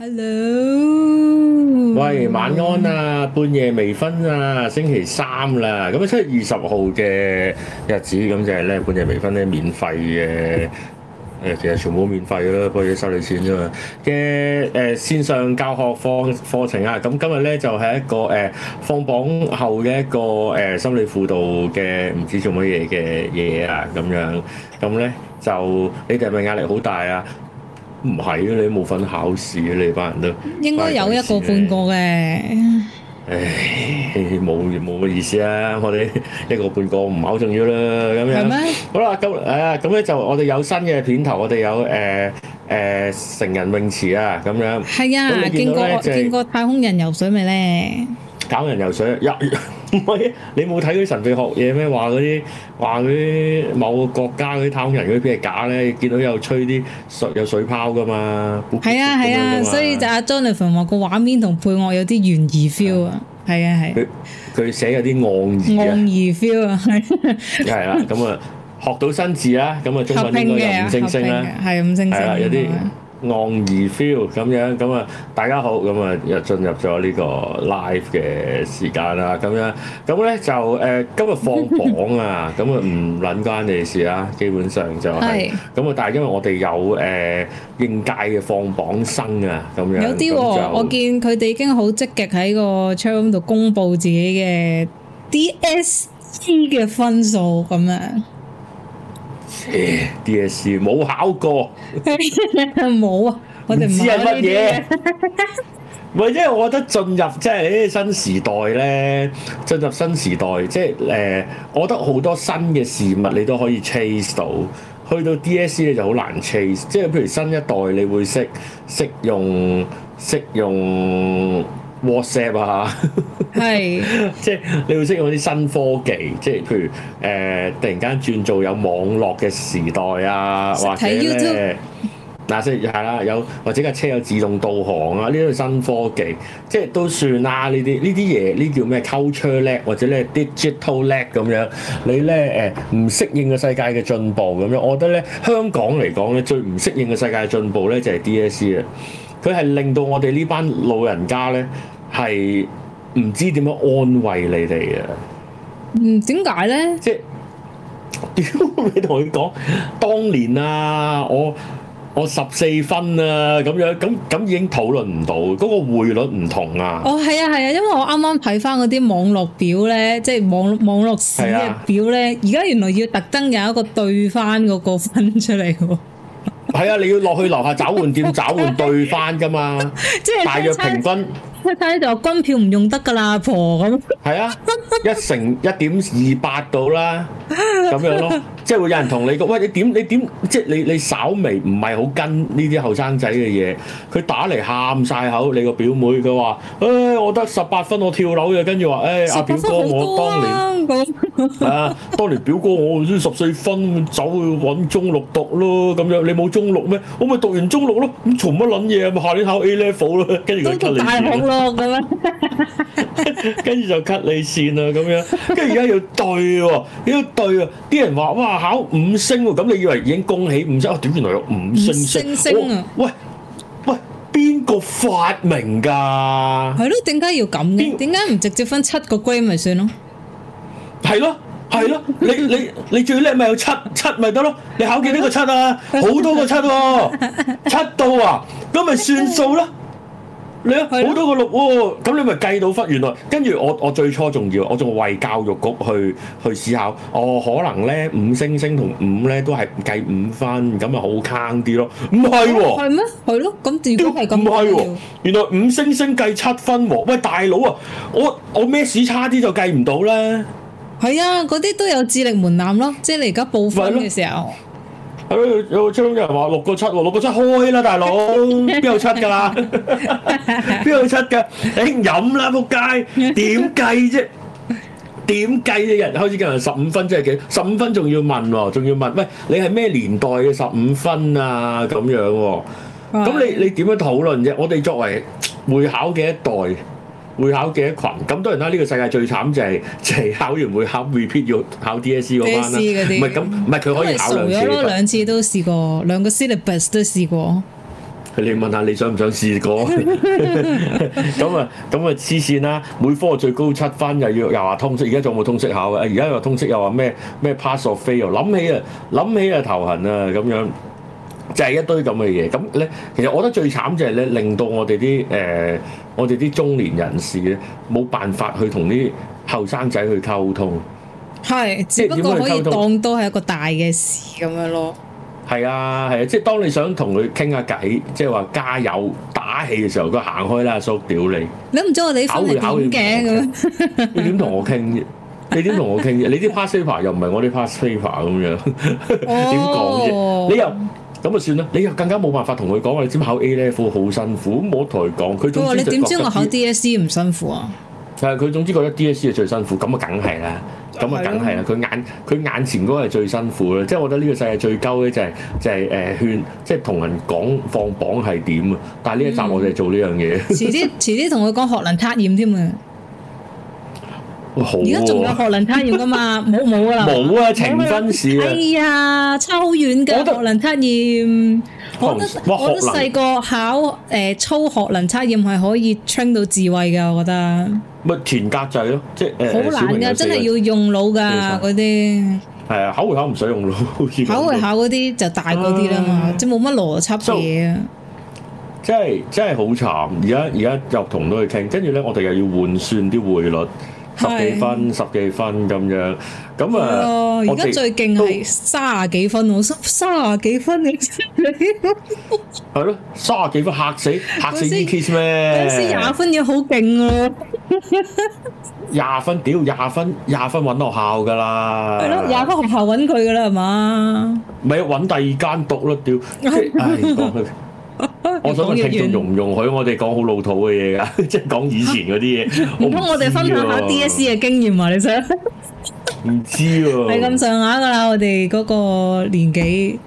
Hello，喂，晚安啊，半夜微醺啊，星期三啦，咁啊，七月二十號嘅日子，咁就係咧，半夜微醺咧，免費嘅，誒、呃，其實全部免費咯，半夜收你錢啫嘛嘅誒線上教學課課程啊，咁今日咧就係、是、一個誒、呃、放榜後嘅一個誒、呃、心理輔導嘅唔知做乜嘢嘅嘢啊，咁樣咁咧就你哋係咪壓力好大啊？唔係啊！你冇份考試啊！你班人都怪怪應該有一個半個嘅。唉，冇冇嘅意思啊！我哋一個半個唔係好重要啦。咁樣。係咩嗎？好啦，咁誒咁咧就我哋有新嘅片頭，我哋有誒誒、呃呃、成人泳池啊，咁樣。係啊！見過就見過太空人游水未咧？搞人游水一。唔係， 你冇睇佢神秘學嘢咩？話嗰啲話嗰啲某個國家嗰啲太空人嗰啲邊係假咧？見到有吹啲水有水泡噶嘛？係啊係啊，啊所以就阿 Jonathan 話個畫面同配樂有啲懸疑 feel 啊，係啊係。佢佢寫有啲戇字，戇疑 feel 啊，係啦、啊。咁啊， 啊，學到新字啦，咁啊中文應該有五星星啦，係、啊、五星星，啦、啊、有啲。 昂二 feel 咁樣，咁啊大家好，咁啊又進入咗呢個 live 嘅時間啦，咁、嗯、樣，咁、嗯、咧、嗯、就誒、呃、今日放榜啊，咁啊唔撚關你事啦，基本上就係、是，咁、嗯、啊但係因為我哋有誒、呃、應屆嘅放榜生啊，咁、嗯、樣、嗯嗯嗯、有啲喎、哦，就我見佢哋已經好積極喺個窗度公布自己嘅 DSE 嘅分數咁樣。欸、DSE 冇考過，冇啊 有！我就唔知係乜嘢。唔係， 因為我覺得進入即係、呢啲、新時代咧，進入新時代即係誒，我覺得好多新嘅事物你都可以 chase 到，去到 DSE 咧就好難 chase。即係譬如新一代，你會識識用識用，識用 WhatsApp 啊，係，即係你會識用啲新科技，即係譬如誒、呃，突然間轉做有網絡嘅時代啊 You，或者咧，嗱，即係係啦，有或者架車有自動導航啊，呢啲新科技，即係都算啦。呢啲呢啲嘢，呢叫咩？culture 叻，或者咧 digital 叻咁樣，你咧誒唔適應個世界嘅進步咁樣，我覺得咧香港嚟講咧，最唔適應嘅世界嘅進步咧就係 DSE 啊。佢係令到我哋呢班老人家咧係唔知點樣安慰你哋嘅。嗯，點解咧？即係，屌你同佢講，當年啊，我我十四分啊，咁樣咁咁已經討論唔到，嗰個匯率唔同啊。哦，係啊，係啊，因為我啱啱睇翻嗰啲網絡表咧，即係網網絡市嘅表咧，而家、啊、原來要特登有一個對翻嗰個分出嚟喎。係啊， 你要落去樓下找換店，找換兌返㗎嘛， 大約平均。睇睇就軍票唔用得噶啦，阿婆咁。係啊，一成一點二八到啦，咁樣咯。即係會有人同你講，喂，你點你點，即係你你稍微唔係好跟呢啲後生仔嘅嘢。佢打嚟喊晒口，你個表妹佢話，誒，我得十八分，我跳樓嘅，跟住話，誒，阿表哥，我當年，係啊，當年表哥我先十四分，走去搵中六讀咯，咁樣你冇中六咩？我咪讀完中六咯，咁從乜諗嘢啊？咪下年考 A level 咯，跟住佢跟你。咯咁樣，跟住就 cut 你線啦咁樣，跟住而家要對喎，要對啊！啲人話哇，考五星喎，咁你以為已經恭喜五星啊？點原來有五星星啊？喂喂，邊個發明噶？係咯，點解要咁咧？點解唔直接分七個 grade 咪算咯？係咯係咯，你你你最叻咪有七七咪得咯？你考幾多個七啊？好多個七喎，七到啊，咁咪算數咯？好、啊、的多個六喎、哦，咁你咪計到分？原來跟住我，我最初仲要，我仲為教育局去去思考，我、哦、可能咧五星星同五咧都係計五分，咁咪好坑啲咯？唔係喎，係咩？係咯，咁如果係咁唔係喎，哦、話原來五星星計七分喎、哦，喂大佬啊，我我咩事差啲就計唔到咧？係啊，嗰啲都有智力門檻咯，即係你而家報分嘅時候、啊。哦。係咯，有七、 嗯、個人話六個七喎，六個七開啦，大佬，邊有七㗎？邊 有七㗎？誒、欸、飲啦，仆街，點計啫？點計啲人開始計十五分，即係幾十五分？仲要問喎，仲要問？喂，你係咩年代嘅十五分啊？咁樣喎、哦，咁你你點樣討論啫？我哋作為會考嘅一代。會考幾多群？咁當然啦！呢個世界最慘就係就係考完會考 repeat 要考 DSE 嗰班啦。唔係咁，唔係佢可以考兩次。我兩了看次都試過，兩個 syllabus 都試過。你問下你想唔想試過？咁啊咁啊黐線啦！每科最高七分又，又要又話通識，而家仲有冇通識考嘅？而家又通識又話咩咩 pass or fail？諗起啊諗起啊諗起啊頭痕啊咁樣。就係一堆咁嘅嘢，咁咧其實我覺得最慘就係咧，令到我哋啲誒我哋啲中年人士咧冇辦法去同啲後生仔去溝通，係只不過可以當都係一個大嘅事咁樣咯。係啊，係啊，啊，即係當你想同佢傾下偈，即係話加油打氣嘅時候，佢行開啦，叔屌你， 你！你唔知我哋口對口嘅咁，你點同我傾啫？ 你點同我傾啫？你啲 past paper 又唔係我啲 past paper 咁樣，點講啫？你又～咁就算啦，你又更加冇辦法同佢講話，你知考 A Level 好辛苦，咁冇同講佢。不過你點知我考 D S E 唔辛苦啊？係啊，佢總之覺得 D S E 係最辛苦，咁啊梗係啦，咁啊梗係啦，佢眼佢眼前嗰個係最辛苦咧，即係我覺得呢個世界最鳩咧就係、是、就係誒勸，即係同人講放榜係點啊！但係呢一集我哋做呢樣嘢，遲啲遲啲同佢講學能測驗添啊！而家仲有學能測驗噶嘛？冇冇啦！冇啊，情真事啊！哎呀，差好遠嘅學能測驗。我覺得我覺得細個考誒操學能測驗係可以 train 到智慧嘅，我覺得。乜填格仔咯，即係好難㗎，真係要用腦㗎嗰啲。係啊，考會考唔使用腦。考會考嗰啲就大嗰啲啦嘛，即冇乜邏輯嘅嘢啊！真係真係好慘！而家而家入同都去傾，跟住咧我哋又要換算啲匯率。十幾分，的十幾分咁樣，咁的啊，而家最勁係卅啊幾分，我卅卅啊幾分你，係咯， 卅啊幾分吓死，吓死呢 case 咩？先廿 分嘢好勁啊，廿分屌廿分廿分搵學校噶啦，係咯，廿分學校搵佢噶啦，係嘛？咪搵第二間讀咯，屌！ 啊、我想問聽眾容唔容許我哋講好老土嘅嘢噶，即係講以前嗰啲嘢。唔通、啊、我哋、啊、分享下 D S E 嘅經驗嘛？你想？唔 知喎、啊，係咁上下噶啦。我哋嗰個年紀，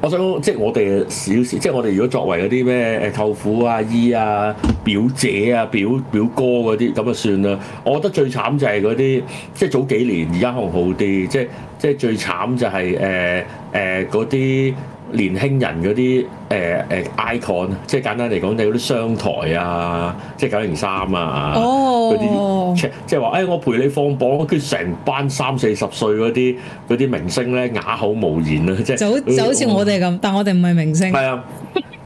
我想即係我哋少少，即係我哋如果作為嗰啲咩誒舅父阿、啊、姨啊、表姐啊、表表哥嗰啲，咁啊算啦。我覺得最慘就係嗰啲，即係早幾年，而家仲好啲。即係即係最慘就係誒誒嗰啲。呃呃呃呃呃呃呃呃年輕人嗰啲誒誒 icon，即係簡單嚟講就係嗰啲商台啊，即係九零三啊，嗰啲，oh。即係話誒，我陪你放榜，跟住成班三四十歲嗰啲啲明星咧，啞口無言啊，即係就，就好就好似我哋咁，我但我哋唔係明星。係啊，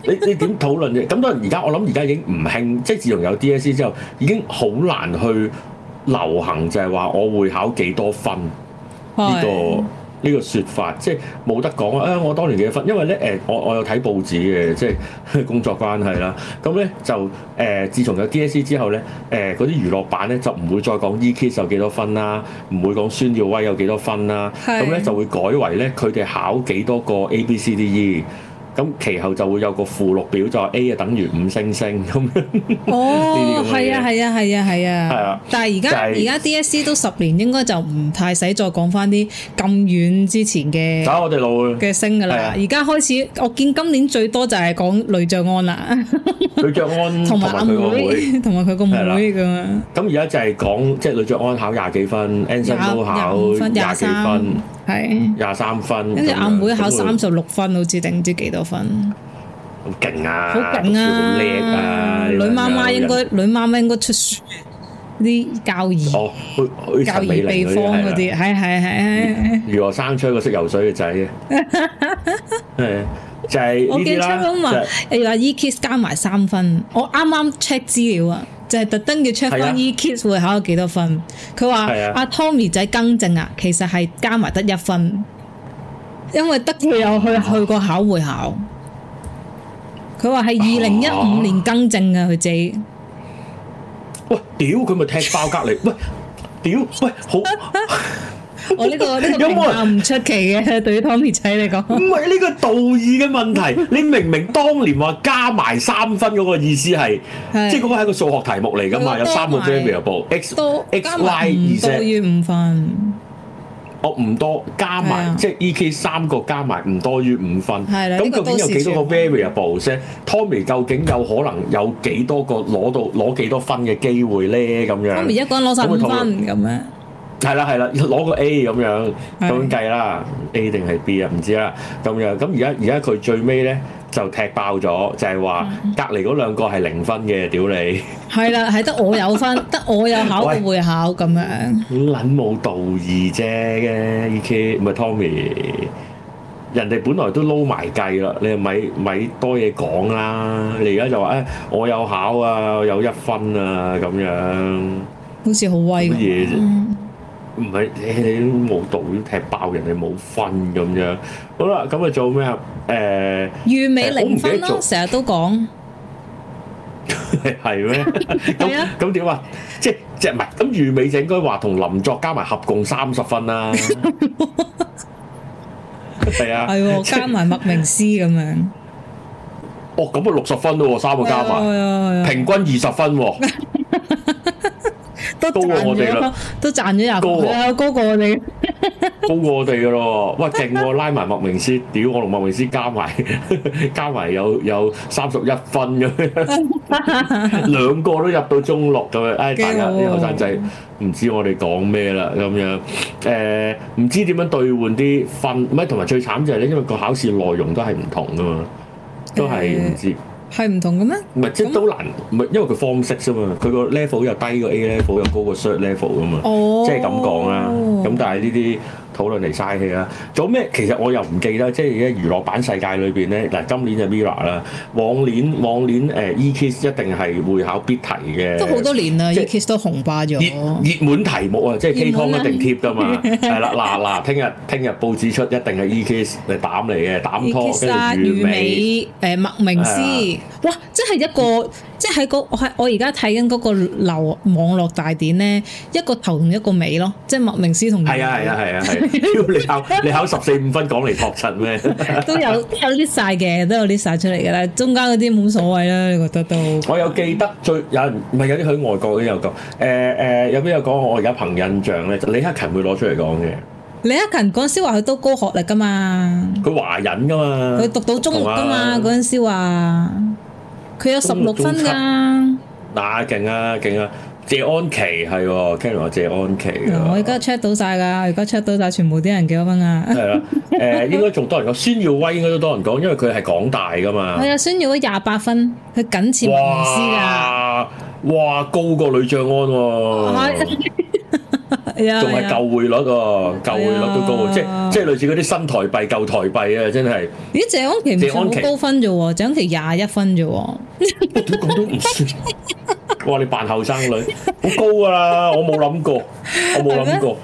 你你點討論啫？咁多人而家，我諗而家已經唔興，即係自從有 DSE 之後，已經好難去流行，就係、是、話我會考幾多分呢，這個。Oh。呢個説法即係冇得講啊！啊，我當年幾多分。因為咧，誒、呃，我我有睇報紙嘅，即係工作關係啦。咁、嗯、咧就誒、呃，自從有 DSE 之後咧，誒嗰啲娛樂版咧就唔會再講 E Kids 有幾多分啦，唔會講孫耀威有幾多分啦。咁、嗯、咧是、嗯、就會改為咧，佢哋考幾多個 A B C D E。咁其後就會有個附錄表，就係 A 就等於五星星咁。哦，係啊，係啊，係啊，係啊。係啊，但係而家而家 DSE 都十年，應該就唔太使再講返啲咁遠之前嘅。打我哋老嘅嘅星㗎啦。而家開始，我見今年最多就係講呂爵安啦。呂爵安同埋佢個妹，同埋佢個妹。係啦。咁而家就係講即係呂爵安考廿幾分，Anson 都考廿幾分，係廿三分。跟住阿妹考三十六分，好似定唔知幾多。分好勁啊！好勁啊！好叻啊！女媽媽應該女媽媽應該出書啲教義哦，教義秘方嗰啲係係係係如何生出一個識游水嘅仔？誒，就係我叫 check 翻話，你話 E Kids 加埋三分，我啱啱 check 資料啊，就係特登叫 check 翻 E Kids 會考咗幾多分？佢話阿 Tommy 仔更正啊，其實係加埋得一分。因為得佢有去去過考會考，佢話係二零一五年更正嘅佢自己。喂，屌佢咪踢爆隔籬？喂，屌喂，好！我呢個呢個評價唔出奇嘅，對於 Tommy 仔嚟講。唔係呢個道義嘅問題，你明明當年話加埋三分嗰個意思係，即係嗰個係一個數學題目嚟噶嘛？有三個 variablex 加 y 二四五分。我唔、哦、多加埋，的即係 E K 三個加埋唔多於五分。咁的究竟有幾多個 variable 啫？Tommy 究竟有可能有幾多個攞到攞幾多分嘅機會咧？咁樣 Tommy 一個人攞晒五分咁樣。係啦，係啦，攞個 A 咁樣咁樣計啦，A 定係 B 啊？唔知啦，咁樣咁而家而家佢最尾咧就踢爆咗，就係話隔離嗰兩個係零分嘅，屌，你係啦，係得我有分，得我有考會考咁樣，撚冇道義啫嘅，OK？唔係 Tommy，人哋本來都撈埋計啦，你咪咪多嘢講啦，你而家就話啊，我有考啊，有一分啊咁樣，好似好威乜嘢啫～唔係你冇讀，要踢爆人哋冇分咁樣。好啦，咁啊做咩啊？誒，余美零分咯，成日都講係咩？咁咁點啊？即即唔係咁余美就應該話同林作加埋合共三十分啦。係啊，係喎，加埋麥明詩咁樣。哦，咁啊六十分喎，三個加埋，平均二十分喎。高過我哋啦，都賺咗廿高啊，高過我哋，高過我哋噶咯，哇勁！拉埋莫明斯，屌 我同莫明斯加埋加埋有有三十一分咁，兩 個都入到中六咁樣，唉、哎，大家啲後生仔唔知我哋講咩啦咁樣，誒、呃，唔知點樣兌換啲分，咪同埋最慘就係咧，因為個考試內容都係唔同噶嘛，都係唔知。嗯係唔同嘅咩？唔係即係都難，唔係樣因為佢方式啫嘛。佢個 level 又低過 A level，又高過 short level 咁嘛、oh。即係咁講啦。咁但係呢啲。討論嚟嘥氣啦，做咩？其實我又唔記得，即係而家娛樂版世界裏邊咧，嗱今年就 Mirror 啦，往年往年誒 E Kids 一定係會考必題嘅。都好多年啦即，E Kids 都紅化咗。熱熱門題目門啊，即係 K 方一定貼㗎嘛，係 啦嗱嗱，聽日聽日報紙出一定係 E Kids 嚟膽嚟嘅膽拖跟住魚尾誒麥明詩，哇！真係即係一個。 即係喺嗰我我而家睇緊嗰個流網絡大典咧，一個頭同一個尾咯，即係莫明斯同。係啊係啊係啊，挑嚟考，你考十四五分講嚟托襯咩？都有都有 list 晒嘅，都有 list 晒出嚟嘅啦，中間嗰啲冇所謂啦，你覺得都？ 我有記得最有唔係有啲佢外國啲有講，誒、呃、誒、呃，有邊有講我而家憑印象咧，李克勤會攞出嚟講嘅。李克勤嗰陣時話佢都高學歷噶嘛，佢華、嗯、人噶嘛，佢讀到中學噶嘛，嗰陣、啊、時話。佢有十六分噶、啊，打勁七啊勁啊，啊！謝安琪係，Kelly 話謝安琪、啊嗯。我而家 check 到晒㗎，我而家 check 到晒，全部啲人幾多分啊？係啦的，誒、 呃、應該仲多人講，孫耀威應該都多人講，因為佢係港大㗎嘛。係啊，孫耀威廿八分，佢緊切唔知㗎，哇高過女醬安喎。仲係舊匯率喎，舊匯率都高，即係即係類似嗰啲新台幣、舊台幣啊，真係。咦？謝安琪唔係好高分啫喎，謝安琪廿一分啫喎，咁都唔算。哇！你扮後生女，好高噶啦，我冇諗過，我冇諗過。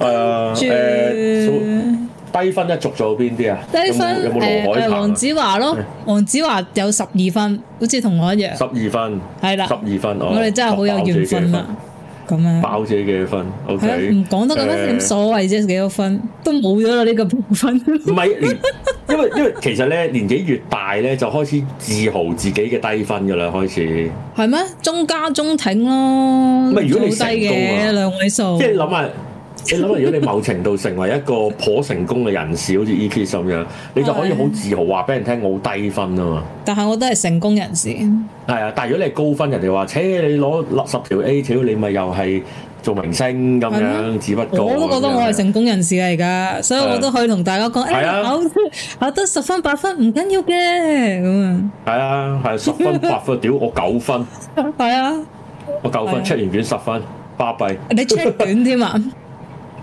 誒誒，低分一族仲有邊啲啊？低分有冇羅海鵬啊？黃子華咯，王子華咯，黃子華有十二分，好似同我一樣。十二分，係啦，十二分。我哋真係好有緣分啊！咁啊，包咗幾多分？係、okay, 啊，唔講得咁、呃、多，點所謂啫？幾多分都冇咗啦，呢個部分。唔 係，因為因為其實咧年紀越大咧，就開始自豪自己嘅低分噶啦，開始係咩？中加中挺咯，唔係，如果你、啊、低嘅兩位數，即係諗下。你諗下，如果你某程度成為一個頗成功嘅人士，好似 E Kids 咁樣，你就可以好自豪話俾人聽我低分啊嘛。但係我都係成功人士。係啊，但係如果你高分，人哋話，扯你攞十條 A，切你咪又係做明星咁樣。只不過 一 mustard 我都覺得我係成功人士嚟噶，所以我都、啊、可以同大家講，誒、啊哎，考考得分分、啊啊、十分八分唔緊要嘅咁啊。係啊，係十分八分，屌我九分。係啊，我九分，出完卷十分，巴閉。你出完卷添啊？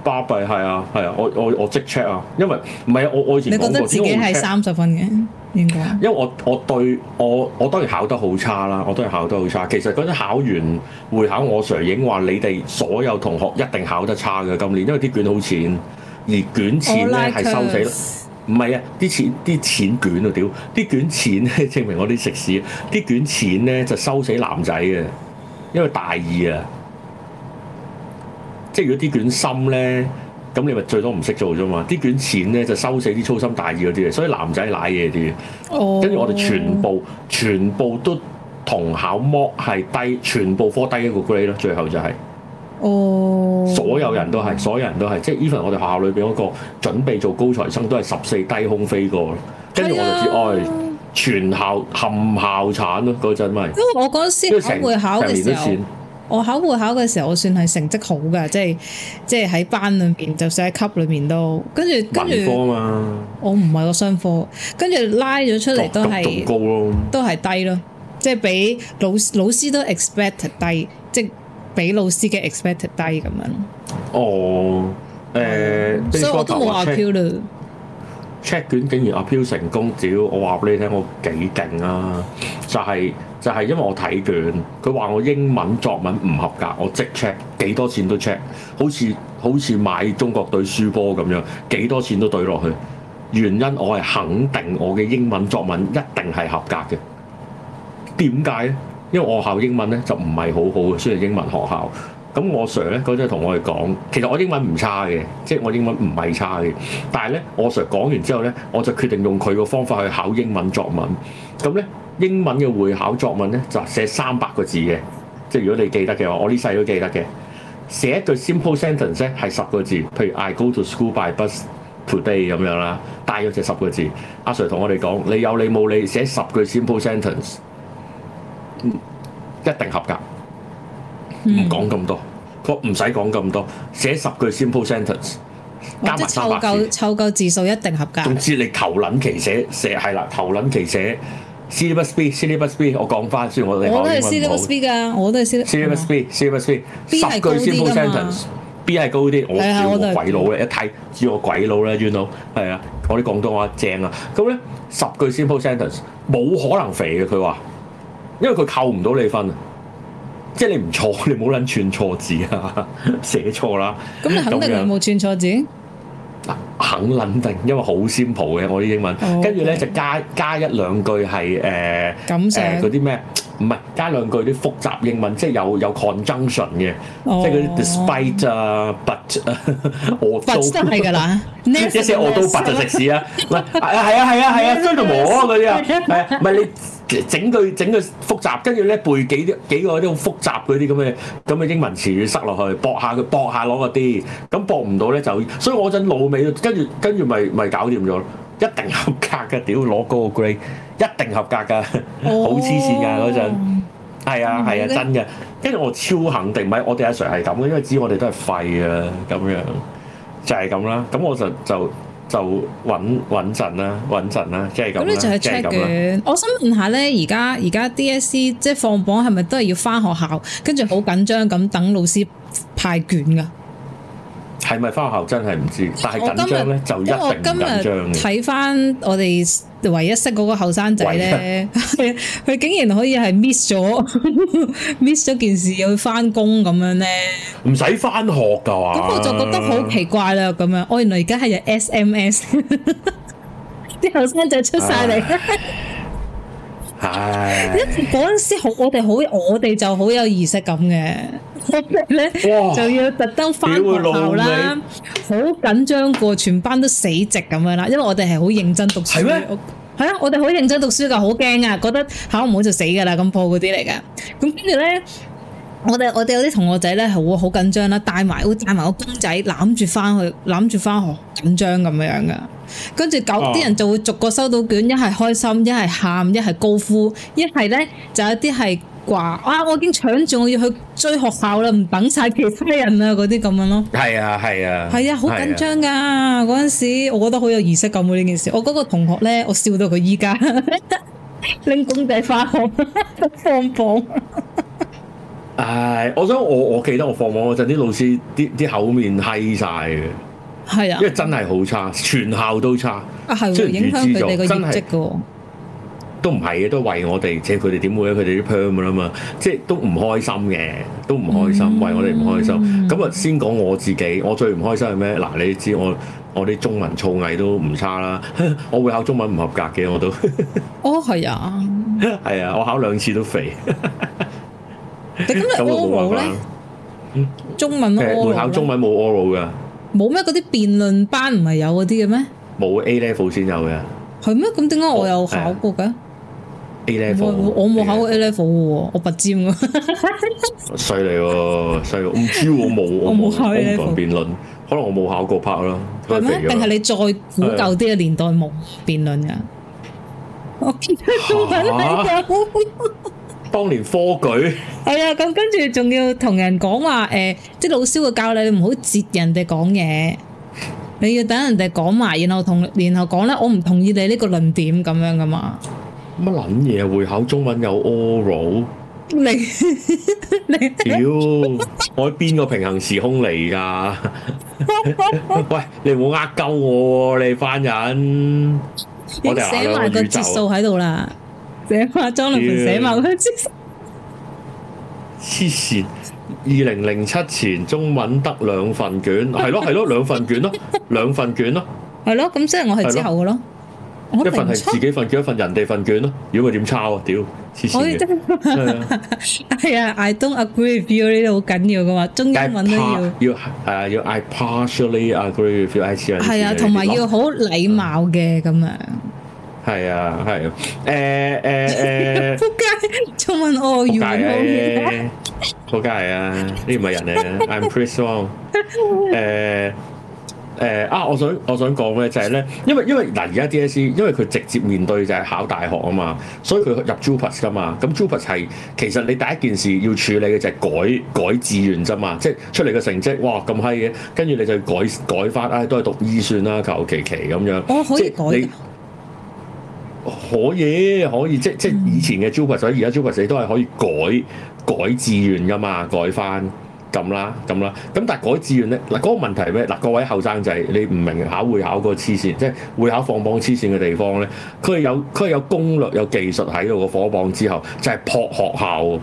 巴閉係啊係啊，我我我即 check 啊，因為唔係啊，我我以前講過，覺得自己係三十分嘅。因為我我對我我當然考得好差啦，我當然考得好差，差。其實嗰陣考完會考我，我 Sir 英話你哋所有同學一定考得差嘅今年，因為啲卷好淺，而卷錢咧係 like 收死咯。唔係啊，啲錢啲錢卷啊屌，啲卷錢咧證明我啲食屎，啲卷錢咧就收死男仔嘅，因為大二啊。即係如果啲卷深咧，咁你咪最多唔識做啫嘛。啲卷淺咧就收死啲粗心大意嗰啲嘅，所以男仔揦嘢啲。跟住我哋全部、oh. 全部都同考模係低，全部科低一個 grade 咯。最後就係、是，哦、oh.，所有人都係，所有人都係，即係 even 我哋學校裏邊嗰個準備做高材生都係十四低空飛過咯。跟住我就知，哦 Yeah.、哎，全校冚校慘咯，嗰陣咪。因為我嗰陣時考會考嘅時候。我考會考嘅時候，我算係成績好噶，即係即係喺班裏邊，就算喺級裏面都跟住跟住，嘛我唔係個雙科，跟住拉咗出嚟，都係都係低咯，即係俾老老師都 expect 低，即係俾老師嘅 expect 低咁樣。哦，誒、呃，嗯，所以我都冇阿 Q 啦。check 卷竟然阿 Q 成功，屌！我話俾你聽，我幾勁啊，就係、是。就係因為我睇卷，佢話我英文作文唔合格，我即 check 幾多錢都 check，好似好似買中國隊輸波咁樣，幾多錢都對落去。原因我係肯定我嘅英文作文一定係合格嘅。點解呢？因為我考英文呢就唔係好好嘅，雖然英文學校。咁我 Sir 呢，嗰陣同我哋講，其實我英文唔差嘅，即係我英文唔係差嘅。但係呢，我 Sir 講完之後呢，我就決定用佢個方法去考英文作文。咁呢。英文嘅會考作文咧就係寫三百個字嘅，即係如果你記得嘅話，我呢世都記得嘅。寫一句 simple sentence 咧係十個字，譬如 I go to school by bus today 咁樣啦，大約就十個字。阿 Sir 同我哋講，你有你冇你寫十句 simple sentence，一定合格，唔講咁多，佢唔使講咁多，寫十句 simple sentence，即係湊夠湊夠字數一定合格。總之你求撚其寫寫係啦，求撚其寫。Syllabus B Syllabus B，我講翻先，我哋我都係 Syllabus B 噶，我都係 Syllabus B。Syllabus B，嗎十句 simple sentence，B 係高啲。我係。係啊，一睇，知我鬼佬啦。You know，冤係啊，我啲廣東話正啊。咁、嗯、咧十句 simple sentence，冇可能肥嘅。佢話，因為佢扣唔到你分啊，即係你唔錯，你唔好撚串錯字啊，寫錯啦。咁你肯定你冇串錯字。肯肯定，因為好 simple 嘅我啲英文，跟住咧就加加一兩句係誒誒嗰啲咩？唔、呃、係 leisten?、呃、加兩句啲複雜英文，即、就、係、是、有有 conjunction 嘅，oh, 即係嗰啲 despite 啊、uh,、but 啊，我都真係㗎啦，這些我都白就食屎啦，唔係啊，啊，啊，啊，啊，係啊， 係啊，係啊，將就我嗰啲啊，唔係唔係你。整句整句複雜，跟住咧背幾個幾個啲好複雜嗰啲咁嘅咁嘅英文詞語塞落去，搏下佢搏下攞個啲，咁搏唔到咧就，所以我嗰陣老味跟住跟住咪咪搞掂咗，一定合格嘅，屌攞嗰個 grade 一定合格噶，好黐線噶嗰陣，係、哦、啊係、嗯、啊真嘅，跟住我超肯定，咪我哋阿 sir 係咁嘅，因為知我哋都係廢啊咁樣，就是、樣，就係咁啦，咁我就我就。就穩穩陣啦，穩陣啦，即係咁，你就係 check 卷。的我想問下咧，而家而家 DSE 即係放榜係咪都係要返學校，跟住好緊張咁等老師派卷㗎？係咪返學校真係唔知？但係緊張咧，我今日就一定緊張睇返我哋。唯一識嗰個後生仔咧，佢喂 竟然可以係 miss 咗 miss 咗件事去翻工咁樣咧，唔使翻學噶，咁我就覺得好奇怪啦。咁樣，我、哦、原來而家係有 SMS，啲後生仔出晒嚟。係，嗰陣唉時好，我哋好， 我哋就好有儀式感嘅，我哋咧就要特登返學校啦，好緊張過，全班都死直咁樣啦，因為我哋係好認真讀書，係咩啊，我哋好認真讀書噶，好驚啊，覺得考唔好就死噶啦，咁破嗰啲嚟嘅，咁跟住咧。我哋我哋有啲同學仔咧會好緊張啦，帶埋會帶埋個公仔攬住翻去，攬住翻學緊張咁樣樣噶。跟住九啲人就會逐個收到卷，一係開心，一係喊，一係高呼，一係咧就有啲係掛。哇！我已經搶住我要去追學校啦，唔等晒其他人啦！嗰啲咁樣咯。係啊係啊。係啊，好緊張噶嗰陣時，我覺得好有儀式感呢件事。我嗰個同學咧，我笑到佢依家拎公仔翻學放榜。 誒，我想我我記得我放榜嗰陣，啲老師啲啲口面閪晒，嘅，係啊，因為真係好差，全校都差啊，係，真係影響佢哋嘅業績嘅喎，都唔係嘅，都為我哋，即係佢哋點會咧？佢哋啲 perm 啦嘛，即係都唔開心嘅，都唔開心，為我哋唔開心。咁啊，先講我自己，我最唔開心係咩？嗱，你知我我啲中文造詣都唔差啦，我會考中文唔合格嘅我都，哦係啊，係啊，我考兩次都肥。咁嚟 all oral 咧？中文 all oral。會考中文冇 oral 噶。冇咩嗰啲辯論班唔係有嗰啲嘅咩？冇，A level 先有嘅。係咩？咁點解我有考過嘅？A level。我我冇考過 A level 嘅喎，我拔尖嘅。犀利喎，犀利！唔知我冇，我冇香港辯論，可能我冇考過 part 咯。係咩？定係你再古舊啲嘅年代冇辯論啊？我記得中文 A level。當年科舉，係啊，咁、 嗯嗯、跟住仲要同人講話，誒、欸，即老師會教你唔好截人哋講嘢，你要等人哋講埋，然後同然後講咧，我唔同意你呢個論點咁樣噶嘛。乜捻嘢會考中文有 oral？ 你 你屌道、哎，我喺邊個平行時空嚟噶？ 喂，你唔好呃鳩我，你班人，我寫埋個字數喺度啦。寫化妝論文寫埋佢黐線，二零零七前中文得兩份卷，係咯係咯兩份卷咯，兩份卷咯，係咯咁即係我係之後嘅咯，一份係自己份卷，一份人哋份卷咯，如果佢點抄啊屌黐線，係啊，I don't agree with you 呢度好緊要嘅嘛，中英文都要要啊！要 I partially agree with you，i 係啊，同埋要好禮貌嘅咁樣。係 啊，係誒誒誒，仆街仲問我如何好仆街係啊，呢唔係人嚟嘅，係 Chris Wong。誒誒，啊，我想我想講咧，就係、是、咧，因為因為嗱，而家 DSE 因為佢直接面對就係考大學啊嘛，所以佢入 Jupas 啊嘛，咁 Jupas 係其實你第一件事要處理嘅就係改改志願啫嘛，即係出嚟嘅成績哇咁閪嘅，跟住你就要改改翻，啊，都係讀醫算啦，求其其咁樣。哦，可以改。即你改可以可以，即即以前嘅 JUPAS 而家 JUPAS 都係可以改改志願噶嘛，改返咁啦咁啦。咁但係改志願咧，嗱、那、嗰個問題係咩？嗱各位後生仔，你唔明考會考嗰個黐線，即係會考放榜黐線嘅地方咧，佢係有佢係有攻略有技術喺度，個放榜之後，就係、是、撲學校，的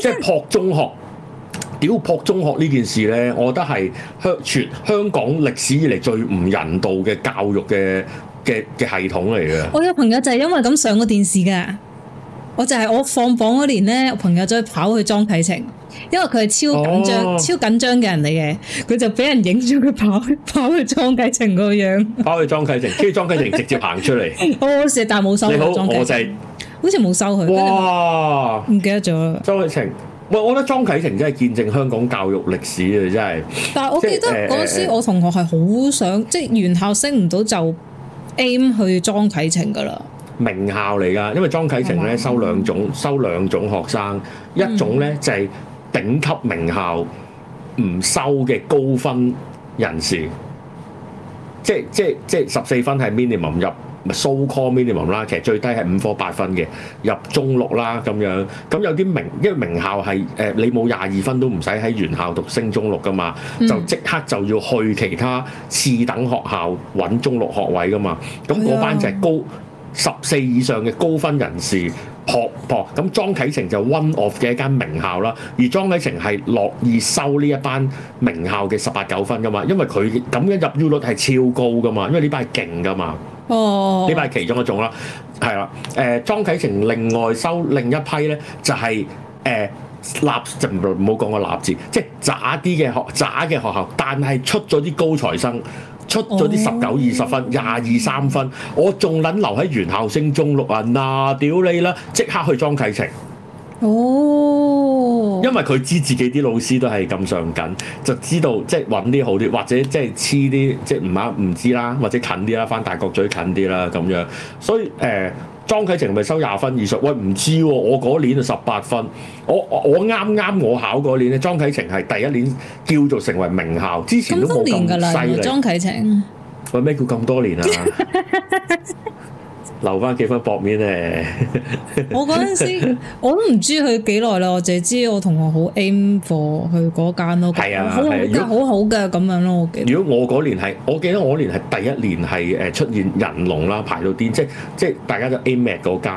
即係撲中學。屌撲中學呢件事咧，我覺得係香全香港歷史以嚟最唔人道嘅教育嘅。嘅嘅系統嚟嘅，我有朋友就係因為咁上過電視噶。我就係我放榜嗰年咧，我朋友再跑去莊啟程，因為佢係超緊張、哦、超緊張嘅人嚟嘅，佢就俾人影住佢跑跑去莊啟程個樣，跑去莊啟程，程。跟住莊啟程直接行出嚟。哦， 是但冇收你好，我姓、就是，好似冇收佢。哇，唔記得咗。莊啟程。我我覺得莊啟程真係見證香港教育歷史啊！真係。即呃、但係我記得嗰陣時，我同學係好想即係、呃、原校升唔到就。M 去莊啟程噶啦，名校嚟噶，因為莊啟程咧 收兩種，收兩種學生，一種咧 就係頂級名校唔收嘅高分人士，即係即係即係十四分係 minimum 入。咪數科 minimum 啦，其實最低係五科八分嘅入中六啦咁樣。咁有啲名，因為名校係誒、呃、你冇廿二分都唔使喺原校讀升中六噶嘛，嗯、就即刻就要去其他次等學校揾中六學位噶嘛。咁嗰班就係高十四、嗯、以上嘅高分人士撲博。咁莊啟程就 one of 嘅一間名校啦，而莊啟程係樂意收呢一班名校嘅十八九分噶嘛，因為佢咁樣入 U 率係超高噶嘛，因為呢班係勁噶嘛。哦，呢排噢其中一種啦，係、嗯、啦，誒莊啟程另外收另一批咧，就係誒立唔好講個立字，即係渣啲嘅學渣嘅學校，但係出咗啲高材生，出咗啲十九二十分、廿二三分，我仲諗留喺原校升中六啊，嗱屌你啦，即刻去莊啟程。哦，因為佢知自己啲老師都係咁上緊，就知道即係揾啲好啲，或者即係黐啲，即係唔啱唔知啦，或者近啲啦，翻大角咀近啲啦咁樣。所以誒、呃，莊啟程咪收廿分二十，喂唔知喎、啊，我嗰年就十八分，我我啱啱我，我考嗰年咧，莊啟程係第一年叫做成為名校，之前都冇咁犀利。咁多年㗎啦，莊啟程，喂咩叫咁多年啊？ 留翻幾分薄面咧， 我嗰陣時我都唔知佢幾耐啦，我凈係知我同學好 aim for 去嗰間咯、那個，係啊，好好嘅，好好嘅咁樣咯，果我記得。如果我嗰年係，我記得我嗰年係第一年係誒出現人龍啦，排到癲，即係即係大家就 aim at 嗰間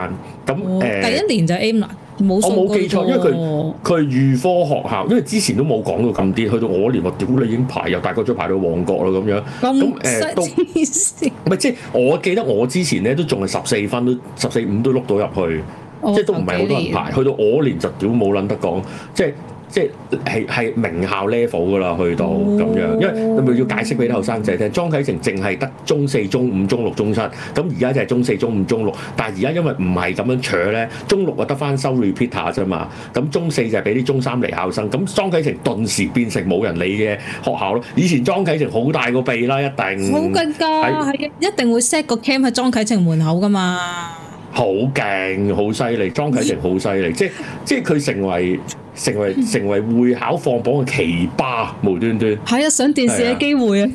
咁誒。哦欸、第一年就 aim 啦。我冇記錯，因為佢佢係預科學校，因為之前都冇講到咁啲。去到我年我屌你已經排入大個咗，排到旺角啦咁樣，咁失智先。唔係、嗯呃、 即係我記得我之前咧都仲係十四分，分都十四五都碌到入去，哦、即係都唔係好多人排。去到我年就屌冇諗得講，即係。即係係名校 level 㗎啦，去到咁樣，因為你咪要解釋俾啲後生仔聽。莊啟程淨係得中四、中五、中六、中七，咁而家就係中四、中五、中六。但係而家因為唔係咁樣搶咧，中六啊得翻收 repeater 啫嘛。咁中四就係俾啲中三嚟考生。咁莊啟程頓時變成冇人理嘅學校咯。以前莊啟程好大個鼻啦，一定。好勁㗎，係啊是，一定會 set 個 camp 喺莊啟程門口㗎嘛。好勁，好犀利，莊啟成好犀利，即係即係佢成為成為成為會考放榜嘅奇葩，無端端。係啊，上電視嘅機會啊。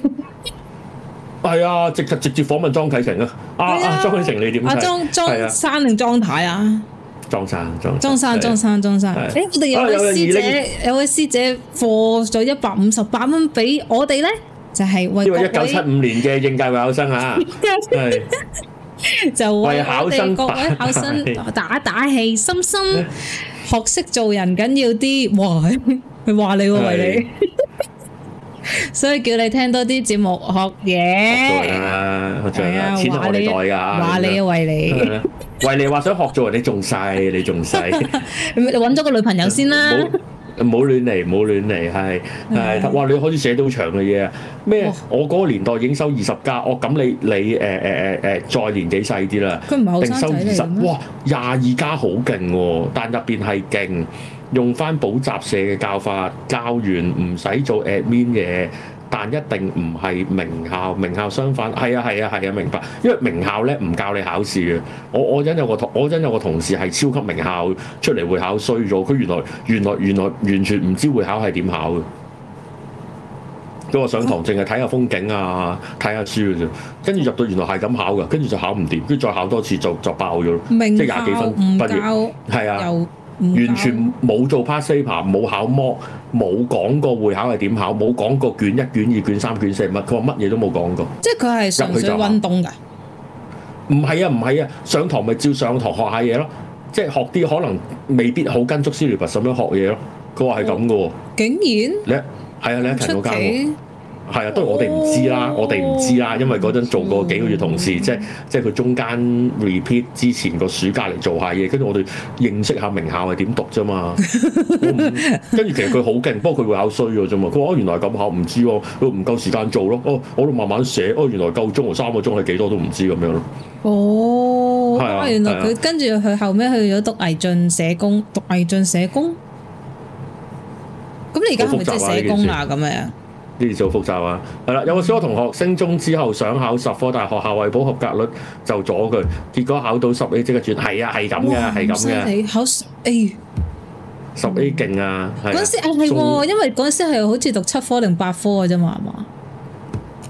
係啊，直直接訪問莊啟成啦。啊，莊啟成你點啊？莊莊生定莊太啊？莊生，莊莊生，莊生，莊生。誒，我哋有位師姐，有位師姐課咗一百五十八蚊俾我哋咧，就係為因為一九七五年嘅應屆會考生嚇。係。就為我哋各位考生打打氣，深深學識做人緊要啲。哇，佢話你喎，為你，所以叫你聽多啲節目學嘢。錢係我哋袋㗎。係啊，話你話你為你，為你話想學做人，你仲細，你仲細。你揾咗個女朋友先啦。唔好亂嚟，唔好亂嚟，係係。哇！你可以寫到好長嘅嘢啊！咩？哇我嗰個年代已經收二十家，我、哦、咁你你誒誒誒誒再年紀細啲啦，定收二十、啊、哇廿二家好勁喎！但入邊係勁，用翻補習社嘅教法，教完唔使做 admin 嘅。但一定唔係名校，名校相反，係啊係啊係啊，明白。因為名校咧唔教你考試嘅。我我真有個同我真有個同事係超級名校出嚟會考衰咗，佢原來原來原來，原來完全唔知會考係點考嘅。因我上堂淨係睇下風景啊，睇下書嘅啫。跟住入到原來係咁考㗎，跟住就考唔掂，跟住再考多次就就爆咗，名校即係廿幾分畢業。係唔教 啊。完全冇做 pass paper 冇考模，冇講過會考係點考，冇講過卷一卷二卷三卷四乜，佢話乜嘢都冇講過。即係佢係純粹去運動㗎。唔係啊，唔係啊，上堂咪照上堂學下嘢咯，即係學啲可能未必好跟足 syllabus 咁樣學嘢咯。佢話係咁嘅喎。竟然？你係啊，你陳老嘉？係啊，都係我哋唔知啦，哦、我哋唔知啦，因為嗰陣做過幾個月同事，嗯、即係即係佢中間 repeat 之前個暑假嚟做下嘢，跟住我哋認識下名校係點讀啫嘛。跟住 其實佢好勁，不過佢會考衰㗎啫嘛。哦、啊，佢話原來咁考唔知喎，佢唔夠時間做咯。哦、啊，我哋慢慢寫，哦、啊，原來夠鐘，三個鐘係幾多都唔知咁樣咯。哦，啊、原來佢跟住佢後尾去咗讀藝進社工，讀藝進社工。咁你而家係咪即係社工啦？咁樣。呢啲就好複雜啊！係啦，有個小學同學升中之後想考十科，但係學校為保合格率就阻佢，結果考到十 A 即刻轉。係啊，係咁嘅，係咁嘅。好犀利！考十 A，十 A 勁啊！嗰陣時啊，係喎，因為嗰陣時係好似讀七科定八科嘅啫嘛，係嘛？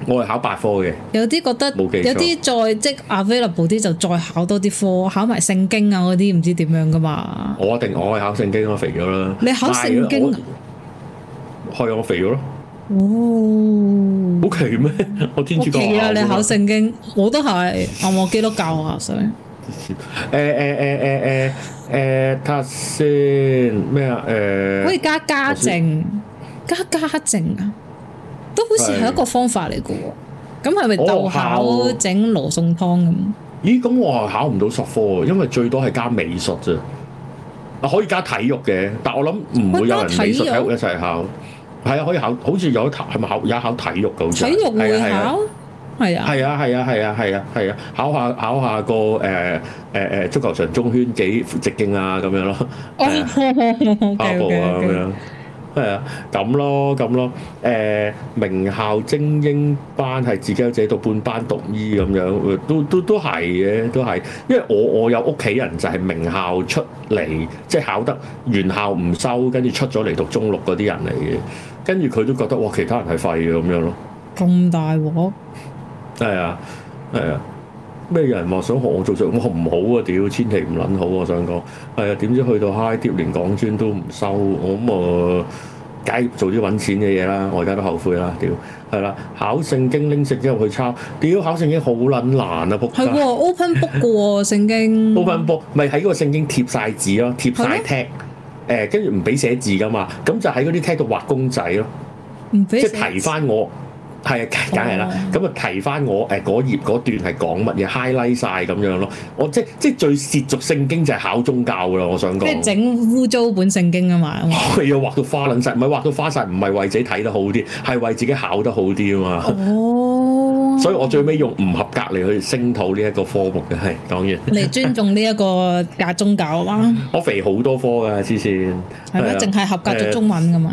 我係考八科嘅。有啲覺得有啲再即係阿菲立補啲就再考多啲科，考埋聖經啊嗰啲唔知點樣噶嘛。我一定我係考聖經，我肥咗啦。你考聖經？係我肥咗咯。哦，好奇咩？我天主教。好奇啊！你考聖經，我都係，我望基督教啊，想 欸。誒誒誒誒誒誒，睇先咩啊？誒、欸，欸欸、可以加家政，斯加家政啊，都好似係一個方法嚟嘅。咁係咪鬥考整羅宋湯咁？哦、湯咦，咁我考唔到十科嘅，因為最多係加美術啫。啊，可以加體育嘅，但我諗唔會有人體育，體育一齊考。係啊，可以考，好似有一體係咪考？有考體育嘅好似，體育會考，係啊，係啊係啊係啊係啊，考下考下個誒誒誒足球場中圈幾直徑啊咁樣咯，跑步啊咁樣。 咩啊？咁、嗯、咯，咁咯，誒、呃，名校精英班係自己都自己讀半班讀醫咁樣，都都都係嘅，都係。因為我我有屋企人就係名校出嚟，即、就、係、是、考得原校唔收，跟住出咗嚟讀中六嗰啲人嚟嘅，跟住佢都覺得哇，其他人係廢嘅咁樣咯。咁大鑊？係啊、 嗯，係、嗯、啊。嗯嗯咩人話想學我做嘢，我話唔好啊！屌，千祈唔撚好啊！我想講，係啊，點、哎、知去到 High Dip，連港專都唔收，我咁啊，梗、呃、係做啲搵錢嘅嘢啦！我而家都後悔啦！屌，係啦，考聖經拎食之後去抄，屌，考聖經好撚難啊！撲係喎，open book 嘅喎聖經。open book 咪喺個聖經貼晒紙咯，貼晒 tag，誒、呃，跟住唔俾寫字㗎嘛，咁就喺嗰啲 tag 度畫公仔咯，即係提返我。係啊，梗係啦。咁啊，哦、提翻我誒嗰、呃、頁嗰段係講乜嘢，highlight 晒咁樣咯。我即即最涉足聖經就係考宗教噶啦，我想講。即係整污糟本聖經啊嘛。 我哋要畫到花撚晒，唔係畫到花晒，唔係為自己睇得好啲，係為自己考得好啲啊嘛。哦。所以我最尾用唔合格嚟去聲討呢一個科目嘅，係當然。 你尊重呢一個教宗教啊 嘛。我肥好多科嘅，黐線。係咯，淨係合格咗中文噶嘛。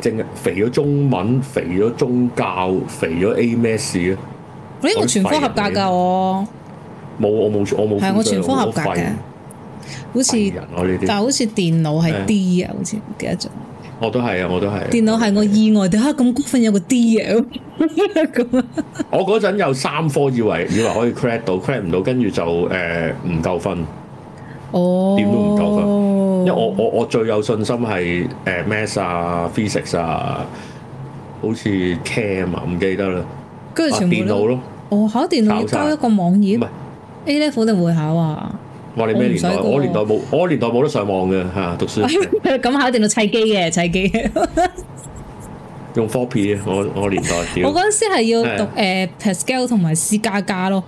正肥咗中文，肥咗宗教，肥咗 A Maths 啊？你我全科合格㗎我，冇我冇我冇。係我全科合格嘅，好似但好似電腦係 D 啊，欸、好似唔記得咗。我都係啊，我都係。電腦係我意外地嚇咁高分有個 D 啊咁 我嗰陣有三科以為以為可以 credit 到 credit 唔到，跟住就誒唔夠分哦，點都唔夠分。Oh. 因為我我我最有信心係誒 Maths 啊 Physics 啊，好似 Cam 啊，唔記得啦。跟住全部電腦咯，我考電腦要交一個網頁，唔係 A level 定會考啊？話你咩年代？我年代冇，我年代冇得上網嘅吓，讀書。咁考電腦砌機嘅，砌機用 four P。我我年代點？我嗰陣時係要讀誒 Pascal 同埋 C 加加咯。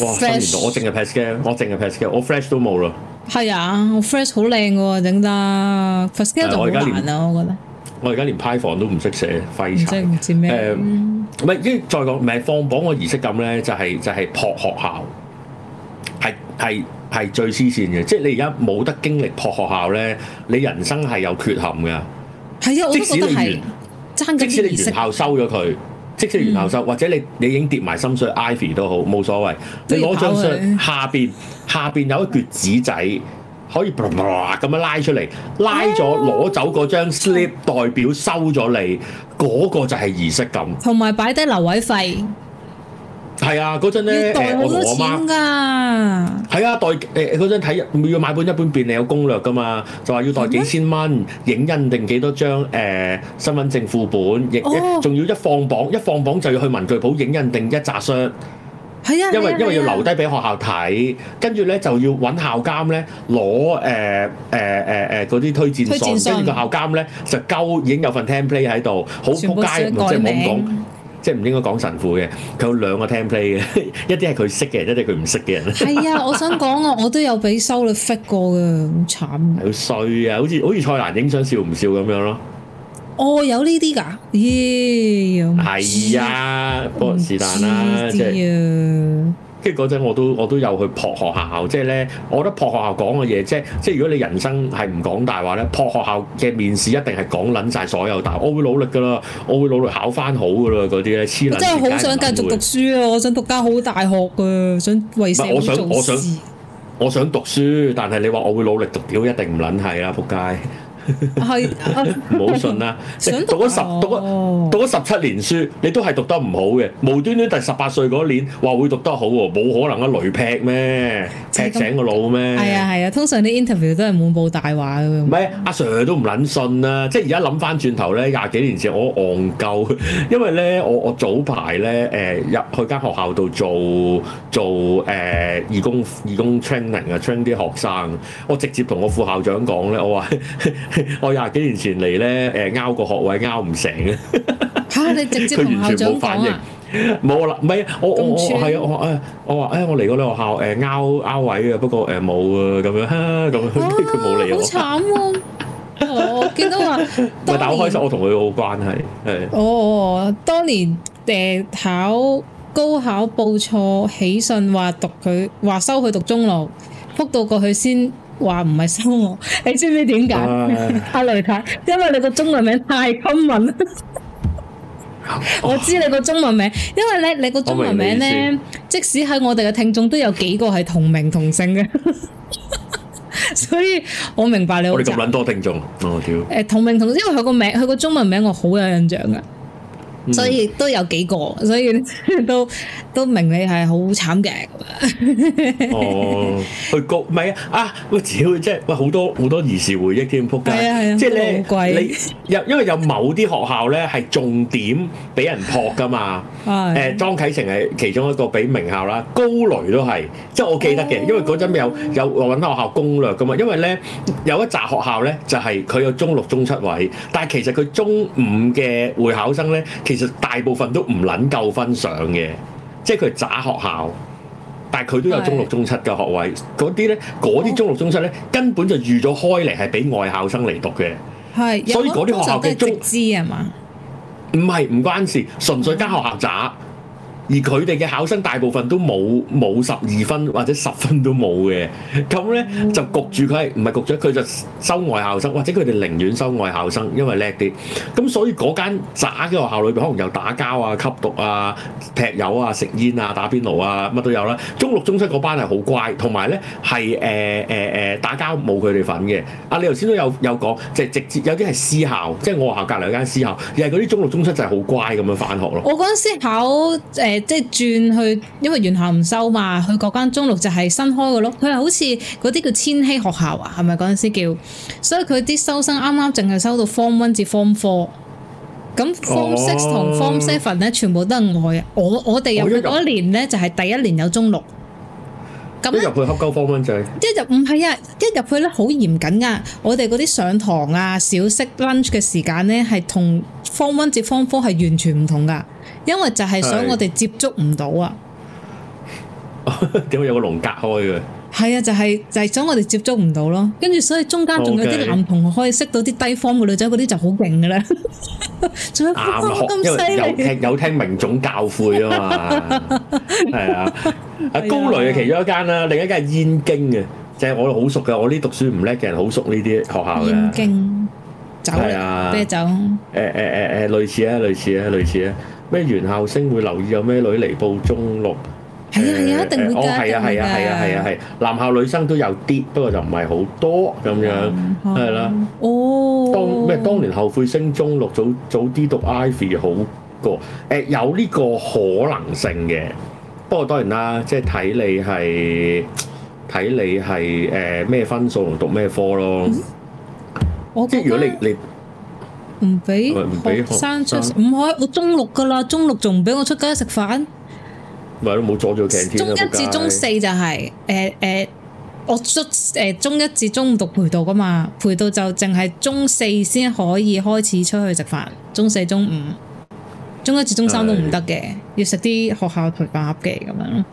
哇我淨係 Pascal，我淨係 Pascal，我 Flash 都冇啦。係啊，fresh 我好靚嘅，整得。studio 好難啊。我覺得我而家連 Python 都唔識寫廢柴。唔識唔知咩？唔係，依、呃、再講，唔係放榜個儀式感咧，就是，就係就係撲學校，係係係最黐線嘅。即係你而家冇得經歷撲學校咧，你人生係有缺陷嘅。係啊，我覺得即使你原，即使你原校收咗佢。即食完後收，或者你你已經跌埋心水 ivy 都好，冇所謂。你攞張相，下邊下邊有一橛紙仔，可以砰砰咁樣拉出嚟，拉咗攞走嗰張 slip，代表收咗你，嗰個就係儀式感，同埋擺低留位費。係啊，嗰陣咧我同我媽係啊，袋誒嗰陣睇要買本一本便利有攻略㗎嘛，就話要袋幾千蚊影印定幾多張誒、呃、身份證副本，亦仲、哦、要一放榜一放榜就要去文具鋪影印定一紮箱，係啊、哦，因為因為要留低俾學校睇，跟住咧就要揾校監咧攞誒誒誒誒嗰啲推薦信，跟住個校監咧就鳩已經有份 template 喺度，好撲街，即係冇咁講。即係唔應該講神父嘅，佢有兩個 team play 嘅，一啲係佢識嘅，一啲佢唔識嘅人。係 啊，我想講啊，我都有俾修女 fit 過㗎， 好慘。好衰啊！好似好似蔡瀾影相笑唔笑咁樣咯。哦，有呢啲㗎，耶！係啊，就是但啦，即跟嗰陣我都我都有去破學校，即係咧，我覺得破學校講嘅嘢，即係即係如果你人生係唔講大話咧，破學校嘅面試一定係講撚晒所有大話，我會努力㗎啦，我會努力考翻好㗎啦，嗰啲咧。我真係好想繼續讀書啊！會我想讀間好大學㗎，想為社會做事。我想我想我想讀書，但係你話我會努力讀，屌一定唔撚係啦，仆街、啊！係唔好信啦。 十了！讀咗十讀咗讀咗十七年書，你都係讀得唔好嘅。無端端第十八歲嗰年話會讀得好喎，冇可能啊！雷劈咩？劈醒個腦咩？係啊係啊，通常啲 interview 都係滿布大話嘅。唔係 阿 Sir 都唔撚信啦！即係而家諗翻轉頭咧，廿幾年前我戇鳩，因為咧我我早排咧誒入去間學校度做做誒、呃、義工義工 training 啊，train 啲學生，我直接同我副校長講咧，我話。 我廿幾年前嚟咧，誒，拗個學位拗唔成啊！嚇，你直接同校長講啊？佢完全冇反應，冇啦，唔係啊，我我我係啊，我誒，我話誒，我嚟過你學校誒拗拗位啊，不過誒冇啊，咁樣嚇，咁樣佢冇理我。好慘喎！我見到啦，但係打開心，我同佢好關係，係。哦，當年誒考高考報錯，起信話讀佢，話收佢讀中六，撲到過去先。話唔係收我，你知唔知點解？阿、uh, 啊、雷太，因為你個中文名太 common。 我知你個中文名，因為咧你個中文名咧，即使喺我哋嘅聽眾都有幾個係同名同姓嘅， 所以我明白你。我哋咁撚多聽眾，哦屌！誒，同名同姓，因為佢個名，佢個中文名我好有印象嘅。嗯、所以都有幾個，所以都都明你係好慘嘅。 哦，去局唔係啊啊！佢主要即係喂，好多好多兒時回憶添，仆街。啊，係啊，咁貴。即係你又因為有某啲學校咧係重點俾人撲㗎嘛。啊，誒、呃，莊啟程係其中一個俾名校啦，高雷都係，即係我記得嘅，哦、因為嗰陣有有揾學校攻略㗎嘛。因為咧有一扎學校咧就係、是、佢有中六中七位，但係其實佢中五嘅會考生咧其其實大部分都唔捻夠分上嘅，即係佢係渣學校，但係佢都有中六中七嘅學位。嗰啲咧，嗰啲、oh. 中六中七咧，根本就預咗開嚟係俾外校生嚟讀嘅。係是，所以嗰啲學校嘅中資係嘛？唔係唔關事，純粹間學校渣。Oh. 而佢哋嘅考生大部分都冇冇十二分或者十分都冇嘅，咁咧就焗住佢係唔係焗住，佢就收外校生，或者佢哋寧願收外校生，因為叻啲。咁所以嗰間渣嘅學校裏邊可能有打交啊、吸毒啊、劈友啊、食煙啊、打邊爐啊，乜都有啦。中六中七嗰班係好乖，同埋咧係誒誒誒打交冇佢哋份嘅。啊。你頭先都有有講，即係直接有啲係私校，即係我校隔籬兩間私校，而係嗰啲中六中七就係好乖咁樣返學咯。我嗰陣時考即係轉去，因為原校唔收嘛，佢嗰間中六就係新開嘅咯。佢係好似嗰啲叫千禧學校啊，係咪嗰陣時叫？所以佢啲收生啱啱淨係收到 Form One 至 Form Four，咁 Form Six 同 Form Seven 咧全部都係外啊！我我哋入去嗰年咧就係、是、第一年有中六，咁入，入去黑鳩 Form One 仔，就是。一入唔係啊，一入去咧好嚴謹噶。我哋嗰啲上堂啊、小息 lunch 嘅時間咧係同 Form One 至 Form Four 係完全唔同噶。因為就係想我哋接觸唔到啊！點解有個籠隔開嘅？係啊，就係就係想我哋接觸唔到咯。跟住所以中間仲有啲男同學可以識到啲低 form 嘅女仔，嗰啲就好勁嘅啦。男同學咁犀利，有聽有聽名種教會啊嘛，係啊！啊高雷嘅其中一間啦，另一間係燕京嘅，就係我哋好熟嘅。我啲讀書唔叻嘅人好熟呢啲學校嘅。燕京酒啤酒，誒誒誒誒，類似啊，類似啊，類似啊。咩原校生會留意有咩女嚟報中六？係啊係啊，欸、一定會加嘅。哦係啊係啊係啊係啊係、啊啊啊，男校女生都有啲，不過就唔係好多咁樣係啦。嗯嗯啊、哦，當咩當年後悔升中六，早早啲讀 Ivy 好過。誒、欸、有呢個可能性嘅，不過當然啦，即係睇你係睇你係誒咩分數同讀咩科咯。嗯、即係如果你你。你唔俾學生出，唔可我中六㗎喇，中六仲唔俾我出街食飯？咪都冇咗咗嘅條件。中一至中四就係、是，誒誒、 欸欸，我誒、欸、中一至中五讀培道㗎嘛，培道就淨係中四先可以開始出去食飯，中四、中五、中一至中三都唔得嘅，唉要食啲學校陪飯盒嘅咁樣咯。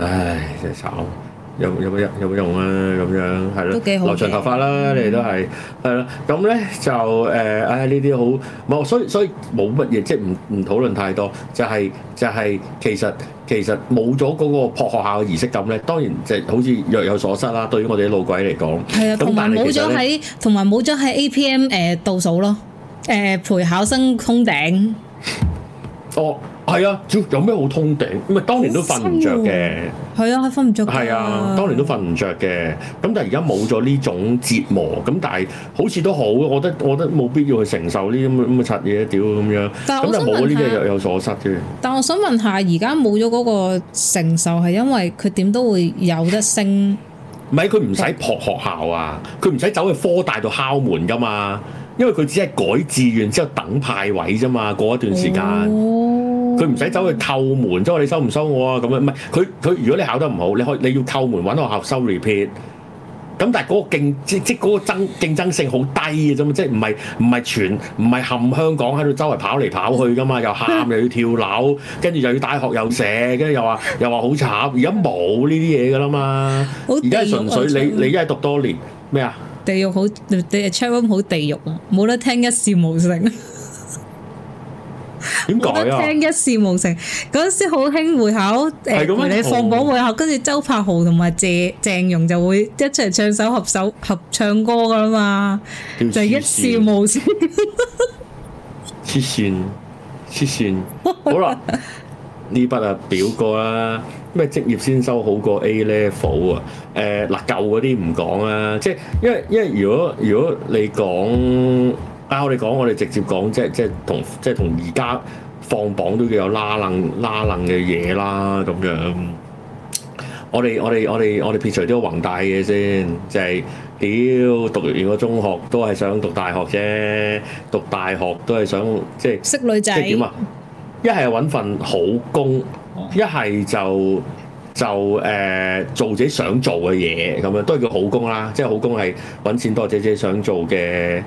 唉，真係慘。有有冇用，有冇用啊？咁樣係咯，都幾好，留長頭髮啦，嗯、你哋都係係啦。咁咧就誒，唉呢啲好冇，所以所以冇乜嘢，即係唔唔討論太多。就係、是、就係、是、其實其實冇咗嗰個撲學校嘅儀式感咧，當然就好似若有所失啦。對於我哋啲老鬼嚟講，係啊，同埋冇咗喺同埋冇咗喺 APM 誒倒數咯，誒、呃、陪考生通頂哦。係 啊，有咩好通頂？咪當年都瞓唔着嘅。係 啊，係瞓唔著嘅。係啊， 當年都瞓唔着嘅。咁但係而家冇咗呢種折磨，咁但係好似都好。我覺得我覺得冇必要去承受呢啲咁嘅咁嘅柒嘢屌咁樣。咁就冇呢啲嘢若有所失啫。但我想問下，而家冇咗嗰個承受係因為佢點都會有得升？唔係佢唔使撲學校啊，佢唔使走去科大度敲門㗎嘛，因為佢只係改志願之後等派位啫嘛，過一段時間。Oh. 佢唔使走去叩門，即係話你收唔收我啊咁樣，唔係佢佢如果你考得唔好，你可你要叩門揾學校收 repeat。咁但係嗰個競即即嗰個爭競爭性好低嘅啫嘛，即係唔係唔係全唔係冚香港喺度周圍跑嚟跑去噶嘛，又喊又要跳樓，跟住 又要打學又蛇，跟住又話又話好慘。而家冇呢啲嘢噶啦嘛，而家係純粹你想你一係讀多年咩啊？地獄好地啊 c h e m a 好地獄啊，冇得聽一事無成。點講啊？聽一事無成嗰陣時好興會考，誒這、呃，你放榜會考，跟住周柏豪同埋鄭鄭融就會一齊唱首合首合唱歌噶啦嘛，麼就係一事無事麼」麼。黐線黐線， 好啦，呢筆啊表格啦，啊，咩職業先收好過 A level 啊？誒、啊，嗱舊嗰啲唔講啦，即係因為因為，因為如果如果你講。啊！ 我哋講，我哋直接講即，即係即係同即係同而家放榜都叫有拉楞拉楞嘅嘢啦。咁樣我哋我哋我哋我哋撇除啲宏大嘢先，就係屌讀完個中學都係想讀大學啫，讀大學都係想即係識女仔。即係點啊？一係揾份好工，一係就就誒、uh, 做自己想做嘅嘢，咁樣都係叫好工啦。即係好工係揾錢多，自己想做嘅。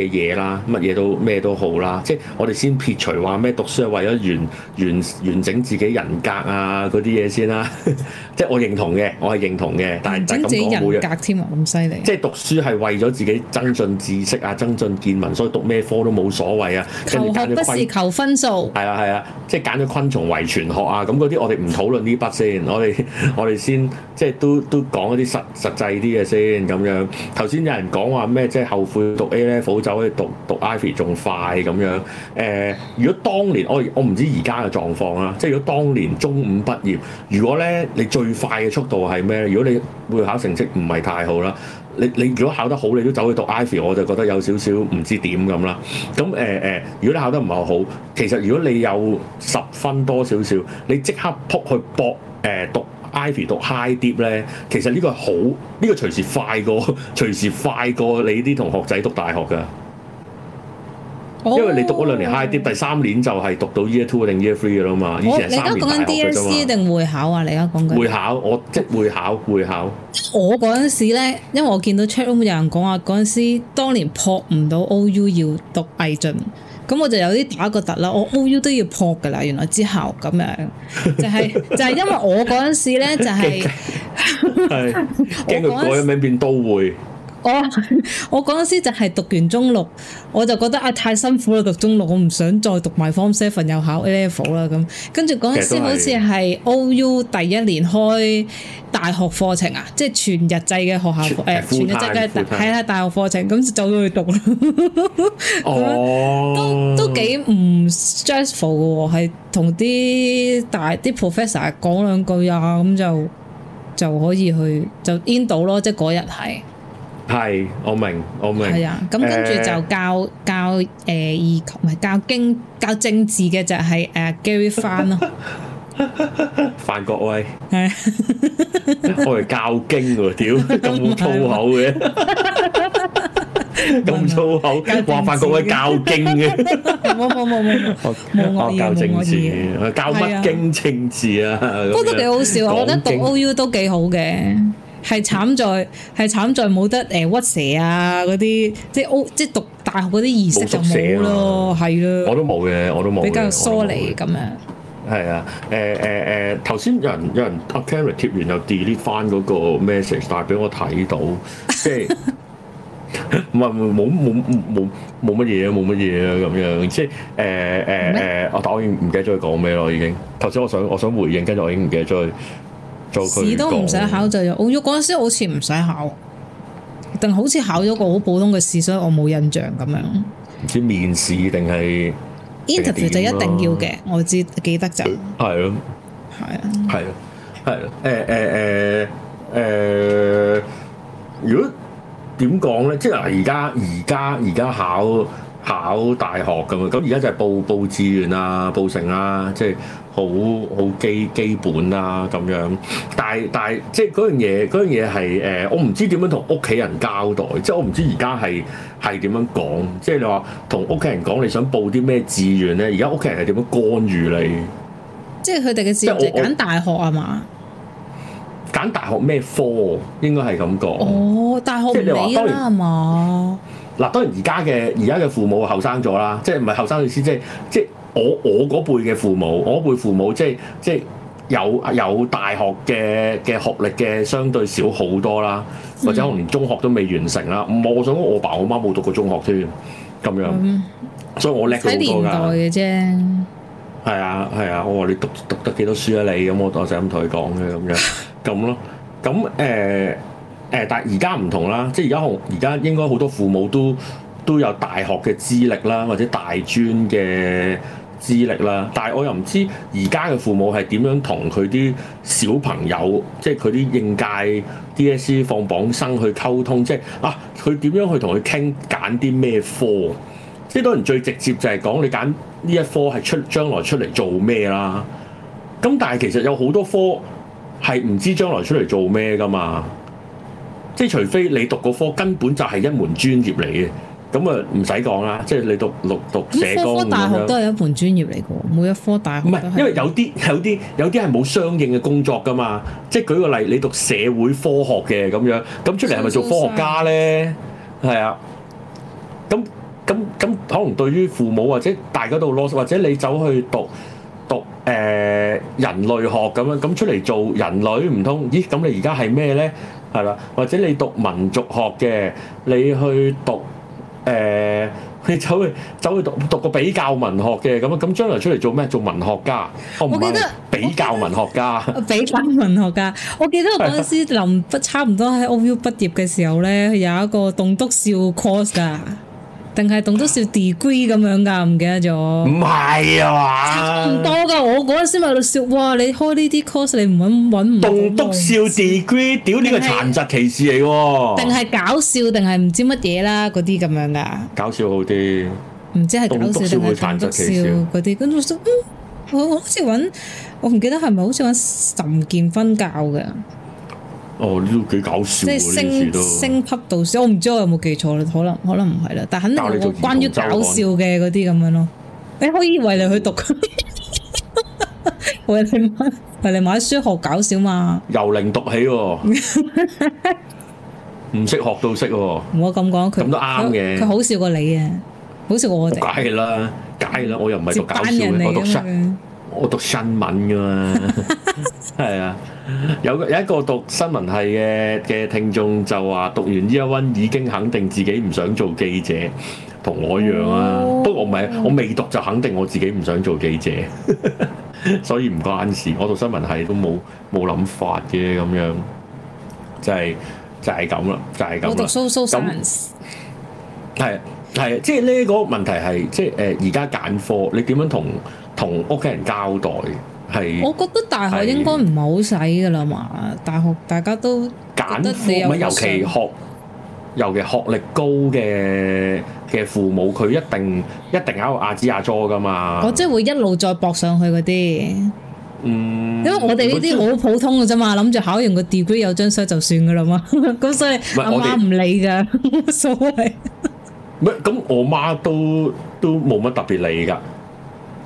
嘅嘢啦，乜嘢都咩都好啦，即係我哋先撇除話咩讀書係為咗完完完整自己人格啊嗰啲嘢先啦，啊， 即係我認同嘅，我係認同嘅，但係就係咁講自己人格添啊，咁犀利！即係讀書係為咗自己增進知識啊，增進見聞，所以讀咩科都冇所謂求學 啊。求學不是求分數，係啊係啊，即係揀咗昆蟲遺傳學啊，咁嗰啲我哋唔討論呢筆先，我哋我哋先即係都都講嗰啲實實際啲嘢先，咁樣頭先有人講話咩即係後悔讀 A 咧，走去讀讀 Ivy 仲快咁樣，誒、呃，如果當年我我唔知而家嘅狀況啦，即係如果當年中五畢業，如果咧你最快嘅速度係咩？如果你會考成績唔係太好啦，你你如果考得好，你都走去讀 Ivy，我就覺得有少少唔知點咁啦。咁誒誒，如果你考得唔係好，其實如果你有十分多少少，你即刻撲去搏誒、呃、讀。Ivy 讀 high dip 咧，其實呢個好，呢、這個隨時快過隨時快過你啲同學仔讀大學噶，oh. 因為你讀嗰兩年 high dip 第三年就係讀到 year two 定 year three 噶啦嘛。Oh, 以前係三年大學㗎嘛。而你而家講緊 DSE 定會考啊？你而家講緊會考，我即係會考會考。會考我嗰陣時咧，因為我見到 chatroom 有人講話，嗰陣時當年撲唔到 OU 要讀毅進。咁我就有啲打個突啦，我 O U 都要破㗎啦，原來之後咁樣，就係、是、就係、是、因為我嗰陣時咧，就係驚佢改名變都會。 我我嗰陣時就係讀完中六，我就覺得啊太辛苦啦讀中六，我唔想再讀埋 form seven 又考 A level 啦咁。跟住嗰陣時好似係 OU 第一年開大學課程啊，即係全日制嘅學校誒，全，全日制嘅係啦大學課程，咁就走咗去讀啦 樣、哦。都都幾唔 stressful 嘅喎，係同啲大啲 professor 講兩句啊，咁就就可以去就 in 到咯，即係嗰日係。係，我明我明。係啊，咁跟住就教教誒，二唔係教經教政治嘅就係誒 Gary 范咯，范國威。係，我係教經喎，屌咁粗口嘅，咁粗口話范國威教經嘅，冇冇冇冇冇，我教政治，教乜經政治啊？不過都幾好笑，我覺得讀 OU 都幾好嘅。係慘在，係慘在冇得誒、呃、屈蛇啊！嗰啲即係即係讀大學嗰啲儀式就冇咯，係啊的！我都冇嘅，我都冇。比較疏離咁樣。係、呃呃呃、啊，誒誒誒，頭先有人有人 update 貼完又 delete 翻嗰個 message，但係俾我睇到，即係唔係冇冇冇冇乜嘢冇乜嘢啊？咁 樣即係誒誒誒，我但係我唔記得咗佢講咩咯，已經頭先我想我想回應，跟住我已經唔記得咗佢。試都唔使考，就有。我喐嗰陣時好似唔使考，定好似考咗個好普通嘅試，所以我冇印象咁樣。唔知面試定係 interview 就一定要嘅，我知記得就係咯，係啊，係啊。係咯、啊。誒誒誒誒，如果點講咧？即係嗱，而家而家而家考考大學咁樣，咁而家就係報報志願啊，報成啊，即係。好好基基本啦、啊、咁樣，但係但係即係嗰樣嘢嗰樣嘢係誒，我唔知點樣同屋企人交代，即係我唔知而家係係點樣講，即係你話同屋企人講你想報啲咩志願咧？而家屋企人係點樣干預你？即係佢哋嘅志願就係揀大學啊嘛？揀我我大學咩科應該係咁講？哦，大學唔理啦嘛。嗱，當然而家嘅而家嘅父母後生咗啦，即係唔係後生嘅意思，即係即係。我我嗰輩嘅父母，我嗰輩父母即係即係有有大學嘅嘅學歷嘅，相對少好多啦，或者我連中學都未完成啦。唔、嗯，我想我爸我媽冇讀過中學添，咁樣，嗯、所以我叻好多噶。喺年代嘅啫。係啊係啊，我話你讀讀得幾多書啊你？咁我我就咁同佢講嘅咁樣咁咯。咁誒誒，但係而家唔同啦，即係而家而家應該好多父母都都有大學嘅資歷啦，或者大專嘅。智力啦，但係我又唔知而家嘅父母係點樣同佢啲小朋友，即係佢啲應屆 DSE 放榜生去溝通，即係啊，佢點樣去同佢傾揀啲咩科？即係當然最直接就係講你揀呢一科係出將來出嚟做咩啦。咁但係其實有好多科係唔知將來出嚟做咩噶嘛。即係除非你讀個科根本就係一門專業嚟嘅。咁啊，唔使講啦，即係你讀讀，讀社工咁樣。科，科大學都係一門專業嚟嘅，每一科大學。唔係，因為有啲有啲有啲係冇相應嘅工作噶嘛。即係舉個例，你讀社會科學嘅咁樣，咁出嚟係咪做科學家咧？係啊。咁咁咁，可能對於父母或者大嗰度囉嗦，或者你走去讀讀誒、呃、人類學咁樣，咁出嚟做人類唔通？咦，咁你而家係咩咧？係啦，或者你讀民族學嘅，你去讀。誒去、呃、走去走去讀讀個比較文學嘅咁啊，咁將來出嚟做咩？做文學家，哦、我唔係比，較比較文學家， 比較文學家。我記得我嗰陣時臨 差唔多喺 OU 畢業嘅時候咧，有一個棟篤笑 course 㗎。定係棟篤笑 degree 咁樣噶，唔記得咗。唔係啊嘛，差唔多噶。我嗰陣先喺度笑，哇！你開呢啲 course，你唔揾揾唔？棟篤笑 degree，屌呢個殘疾歧視嚟喎。定係讀搞笑定係唔知乜嘢啦，嗰啲咁樣噶。搞笑好啲，唔知係搞笑定係殘疾歧視嗰啲。跟住我我好似揾，我唔記得係咪好似揾神劍分教嘅。哦，呢都幾搞笑嘅呢次都。升升級讀書，我唔知我有冇記錯啦，可能可能唔係啦，但肯定我關於搞笑嘅嗰啲咁樣咯。你可以為你去讀，為你買，為你買書學搞笑嘛。由零讀起喎，唔識學都識喎。我咁講佢咁都啱嘅，佢好笑過你啊，好笑過我哋。解啦，解啦，我又唔係讀搞笑嘅，我我讀新聞㗎嘛，係啊，有、 啊、有一個讀新聞系嘅嘅聽眾就話讀完 year one 已經肯定自己唔想做記者，同我一樣啊。哦、不過我唔係，我未讀就肯定我自己唔想做記者， 所以唔關事。我讀新聞系都冇冇諗法嘅咁樣，就係就係咁啦，就係咁啦。就係、我讀 social science 即係呢個問題係即係誒而家揀科，你點樣同同屋企人交代係，我覺得大學應該唔好使㗎喇嘛。大學大家都揀乜，尤其學尤其學歷高嘅嘅父母，佢一定一定考阿姐阿叔㗎嘛。我即係會一路再搏上去嗰啲。嗯，因為我哋呢啲好普通㗎啫嘛，諗住考完個 degree 有張書就算㗎喇嘛。咁所以阿媽唔理㗎，冇所謂。唔係咁，我媽都都冇乜特別理㗎。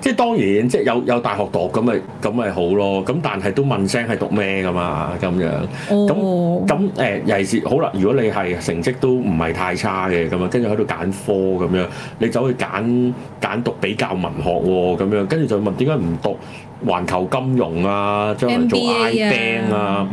即係當然，即係有有大學讀咁咪咁咪好咯。咁但係都問聲係讀咩㗎嘛？咁樣。哦、oh。咁咁誒，尤其是好啦。如果你係成績都唔係太差嘅咁啊，跟住喺度揀科咁樣，你走去揀揀讀比較文學喎，咁樣跟住就問點解唔讀環球金融啊？將來做 I-Bank 啊？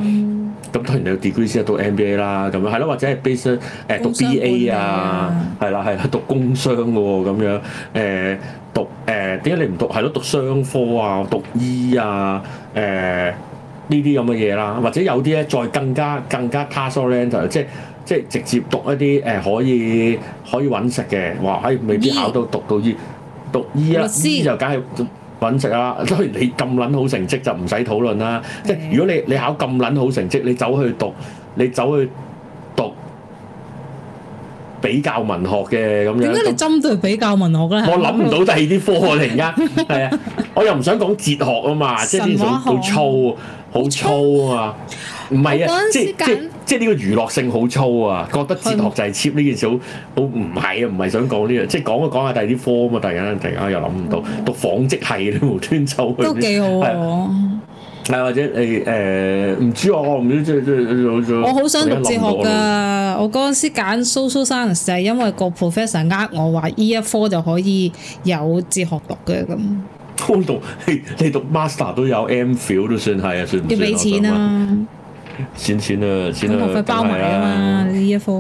咁當然你要 degree 先讀 MBA 啦，咁樣係咯，或者係 basic 誒讀 BA 啊，係啦係讀工商喎，咁樣誒讀誒點解你唔讀係咯？讀商科啊，讀醫、e、啊，誒呢啲咁嘅嘢啦，或者有啲咧再更加更加 casual entry 即係即係直接讀一啲誒可以可以揾食嘅，哇可以未必考到讀到醫、e，讀醫、e、啊，醫就梗係。揾食啊！所以你咁撚好成績就唔使討論啦。即係如果你你考咁撚好成績，你走去讀，你走去讀比較文學嘅咁樣。點解你針對比較文學咧？我諗唔到第二啲科啊！突然間係啊，我又唔想講哲學啊嘛，即係啲人好粗，好粗啊嘛。唔係啊，即係即係。即係呢個娛樂性好粗啊！覺得哲學就係 cheap 呢件事好好。唔係啊，唔係想講呢樣，即係講一講下第二啲科啊嘛，突然啊第二啊又諗唔到讀紡織係都無端走都幾好喎！係、啊、或者誒誒唔知啊，知知知我唔知即係我好想，讀，想讀哲學㗎！我嗰陣時揀 social science 係因為個 professor 呃我話依一科就可以有哲學讀嘅咁。我讀你，你讀 master 都有 M Phil 都算係啊，算唔算要俾錢啊？算算啦，算算啦，係啊！呢一科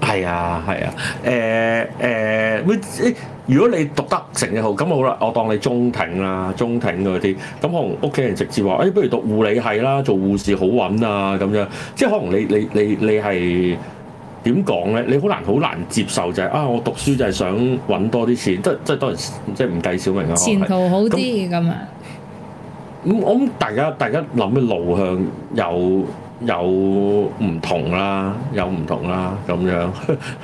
係啊係啊，誒、欸、誒、欸，如果你讀得成日好，咁好啦，我當你中庭啦，中庭嗰啲，咁可能屋企人直接話，誒、欸，不如讀護理系啦，做護士好穩啊，咁樣，即係可能你你你你係點講咧？你好難好難接受就係、是、啊，我讀書就係想揾多啲錢，即係即係當然即係唔計小明啊，前途好啲咁啊。.咁我諗大家大家諗嘅路向有有唔同啦，有唔同啦咁樣。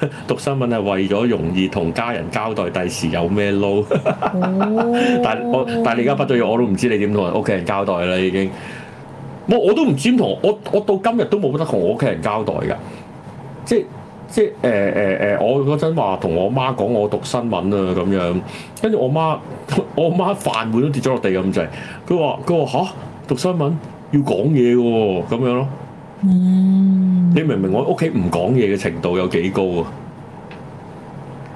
讀新聞係為咗容易同家人交代，第時有咩撈、 mm. 但係我但係你而家畢咗業，我都唔知你點同屋企人交代啦已經。我都我都唔知點同我我到今日都冇得同我屋企人交代㗎，即係。即係誒誒誒，我嗰陣話同我媽講我讀新聞啊咁樣，跟住我媽我媽飯碗都跌咗落地咁滯，佢話佢話嚇讀新聞要講嘢喎，咁樣咯。嗯，你明唔明我屋企唔講嘢嘅程度有幾高啊？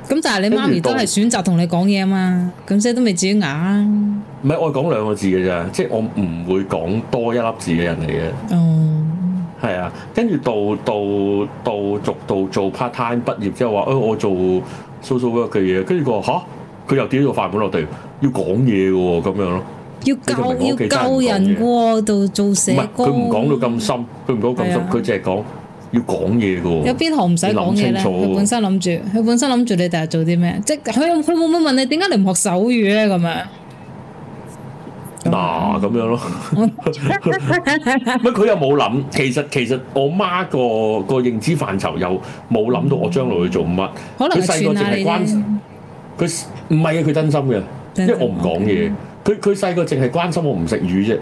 咁、嗯、但係你媽咪都係選擇同你講嘢啊嘛，咁即係都未至於硬。唔係我講兩個字嘅咋，即係我唔會講多一粒字嘅人嚟嘅。嗯。係啊，跟住到到到逐度做 part time 畢業之後話，誒、就是、我做 so 嗰一嘅嘢，跟住佢話吓，佢又跌咗個飯碗落地，要講嘢喎，咁樣咯，要救，要救人喎，到做死。佢唔講到咁深，佢唔講咁深，佢就係講要講嘢嘅喎。有邊行唔使講嘢咧？佢本身諗住，佢本身諗住你第日做啲咩？即係佢佢會唔會問你點解你唔學手語咧？咁樣。嗱咁、啊、樣咯，乜 佢又冇諗？其實其實我媽個個認知範疇又冇諗到我將來去做乜。可能係佢細個淨係關心，佢唔係啊！佢真心嘅，真係因為我唔講嘢。佢佢細個淨係關心我唔食魚啫。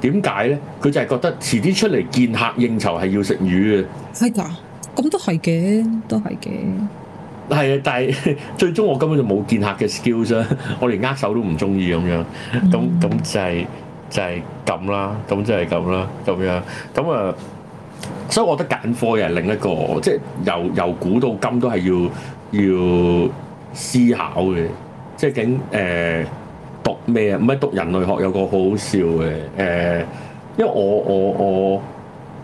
點解咧？佢就係覺得遲啲出嚟見客應酬係要食魚嘅。係㗎，咁都係嘅，都係嘅。係啊，但係最終我根本就冇見客嘅 skills 啊，我連握手都唔中意咁樣，咁咁就係就係咁啦，咁就係咁啦，咁樣，咁啊、嗯，所以我覺得揀科又係另一個，即係由由古到今都係要要思考嘅，即係竟誒讀咩啊？唔係讀人類學有個好好笑嘅誒，因為我我我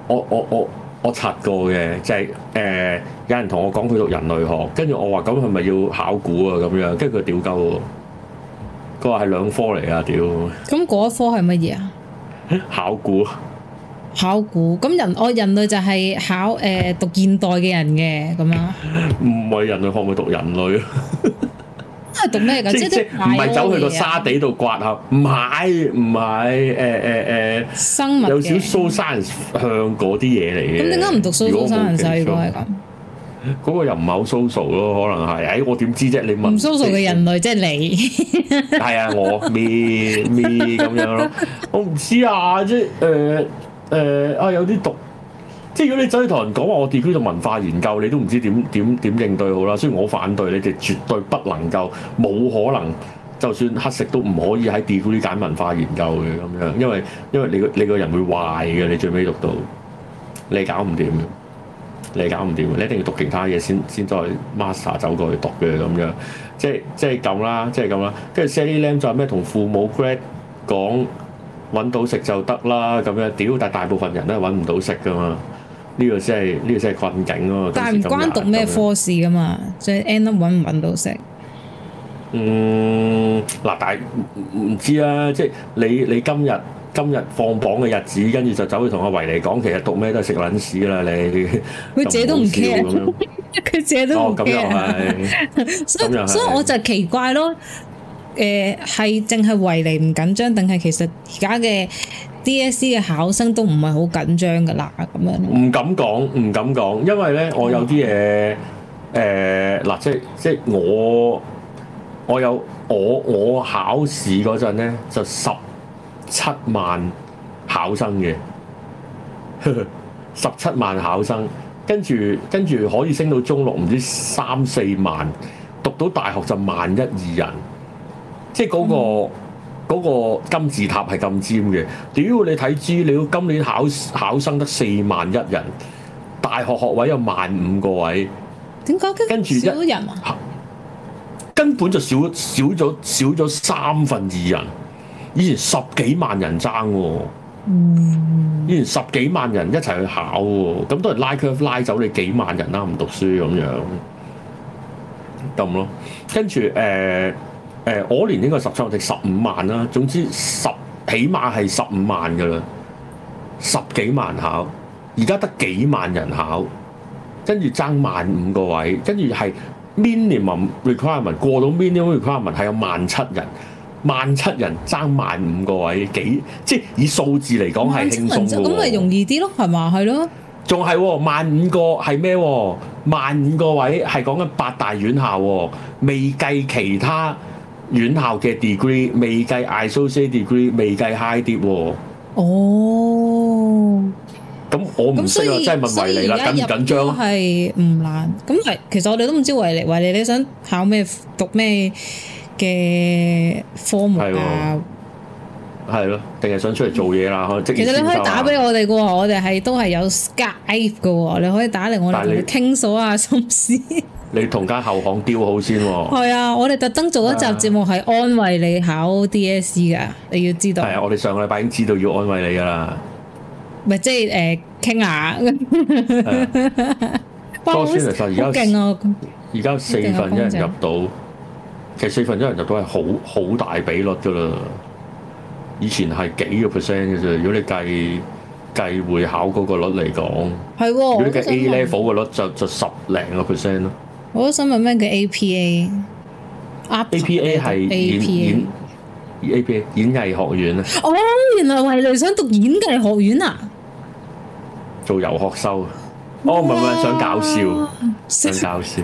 我我我。我我我我我查過嘅即係誒，有人同我講佢讀人類學，跟住我話咁佢咪要考古啊，咁樣，跟住佢屌鳩喎，佢話係兩科嚟噶屌。咁嗰一科係乜嘢啊？考古。考古咁人我人類就係考誒、呃、讀現代嘅人嘅咁樣。唔係人類學咪讀人類啊？ 係讀咩嘅？即係即係唔係走去個沙地度刮啊？唔係唔係，誒誒誒，uh, uh, 生物有少少 science 向嗰啲嘢嚟嘅。咁點解唔讀 science 人細個係咁？嗰個又唔係好 social 咯，可能係。哎、欸，我點知啫？你問唔 social 嘅、就是、人類即係你。係 啊，我 me me 咁樣咯。 我唔知啊，即係誒誒啊，有啲讀。即係如果你走去同人講話我 degree 做文化研究，你都唔知點點點應對好啦。所以我反對你哋絕對不能夠，冇可能，就算乞食都唔可以喺 degree 啲揀文化研究嘅咁樣，因為因為你個你個人會壞嘅，你最尾讀到，你搞唔掂，你搞唔掂，你一定要讀其他嘢先先再 master 走過去讀嘅咁樣，即係即係咁啦，即係咁啦。跟住 Sally Lam 再咩同父母 grad 講揾到食就得啦咁樣，屌！但大部分人都揾唔到食噶嘛。呢個真係呢個真係困境咯，但係唔關讀咩科事㗎嘛，即係 end up 揾唔揾到食。嗯、就是，嗱，但係唔知啦，即係你你今日今日放榜嘅日子，跟住就走去同阿維尼講，其實讀咩都係食撚屎啦，你佢自己都唔 care，佢自己都唔 care 所以所以，所以我就奇怪咯。誒係淨係維尼唔緊張，定係其實而家嘅 DSE 嘅考生都唔係好緊張㗎啦？咁樣。唔敢講，唔敢講，因為咧，我有啲嘢誒嗱，即即我我有我我考試嗰陣咧，就十七萬考生嘅十七萬考生，跟住跟住可以升到中六，唔知三四萬讀到大學就萬一二人。即係、那、嗰、個嗯、個金字塔係咁尖嘅，屌你睇資料，今年考考生得四萬一人，大學學位有萬五個位。點解跟住少人、啊、根本就少少咗少咗三分二人，以前十幾萬人爭喎、啊，嗯，以前十幾萬人一齊去考喎、啊，咁都係拉佢拉走你幾萬人啦、啊，唔讀書咁樣，咁咯，跟住誒。呃誒、欸、我年應該十七，我哋十五萬啦、啊。總之十起碼係十五萬嘅啦，十幾萬考。而家得幾萬人考，跟住爭萬五個位，跟住係 minimum requirement 過到 minimum requirement 係有萬七人，萬七人爭萬五個位，幾即係以數字嚟講係輕鬆嘅喎。咁咪容易啲咯，係嘛？係咯，仲係萬五個係咩、哦。萬五個位係講緊八大院校喎、哦，未計其他。院校嘅 degree，未計 associate degree，未計 high 啲喎。哦，咁我唔識啊，真係問維尼啦，緊唔緊張啊？係唔難，咁係其實我哋都唔知維尼，維尼你想考咩讀咩嘅科目啊？係咯，定係想出嚟做嘢啦？可其實你可以打俾我哋嘅喎，我哋係都係有 Skype 嘅喎，你可以打嚟我哋傾訴啊心思。你同間後巷雕好先喎、哦。係啊，我哋特登做一集節目係安慰你考 DSE 嘅，你要知道。係啊，我哋上個禮拜已經知道要安慰你噶啦。咪即係誒傾下。多師傅而家，而家四分一人入到，啊、其實四分一人入到係好好大比率噶啦。以前係幾個 percent 嘅啫，如果你計計會考嗰個率嚟講，係喎。如果你計 A level 嘅率就，就就十零個 percent 咯。我都想問咩叫 APA？APA 係演 APA 演 APA 演藝學院啊！哦，原來維尼想讀演藝學院啊！做遊學修，哦唔係唔係想搞笑，想搞笑。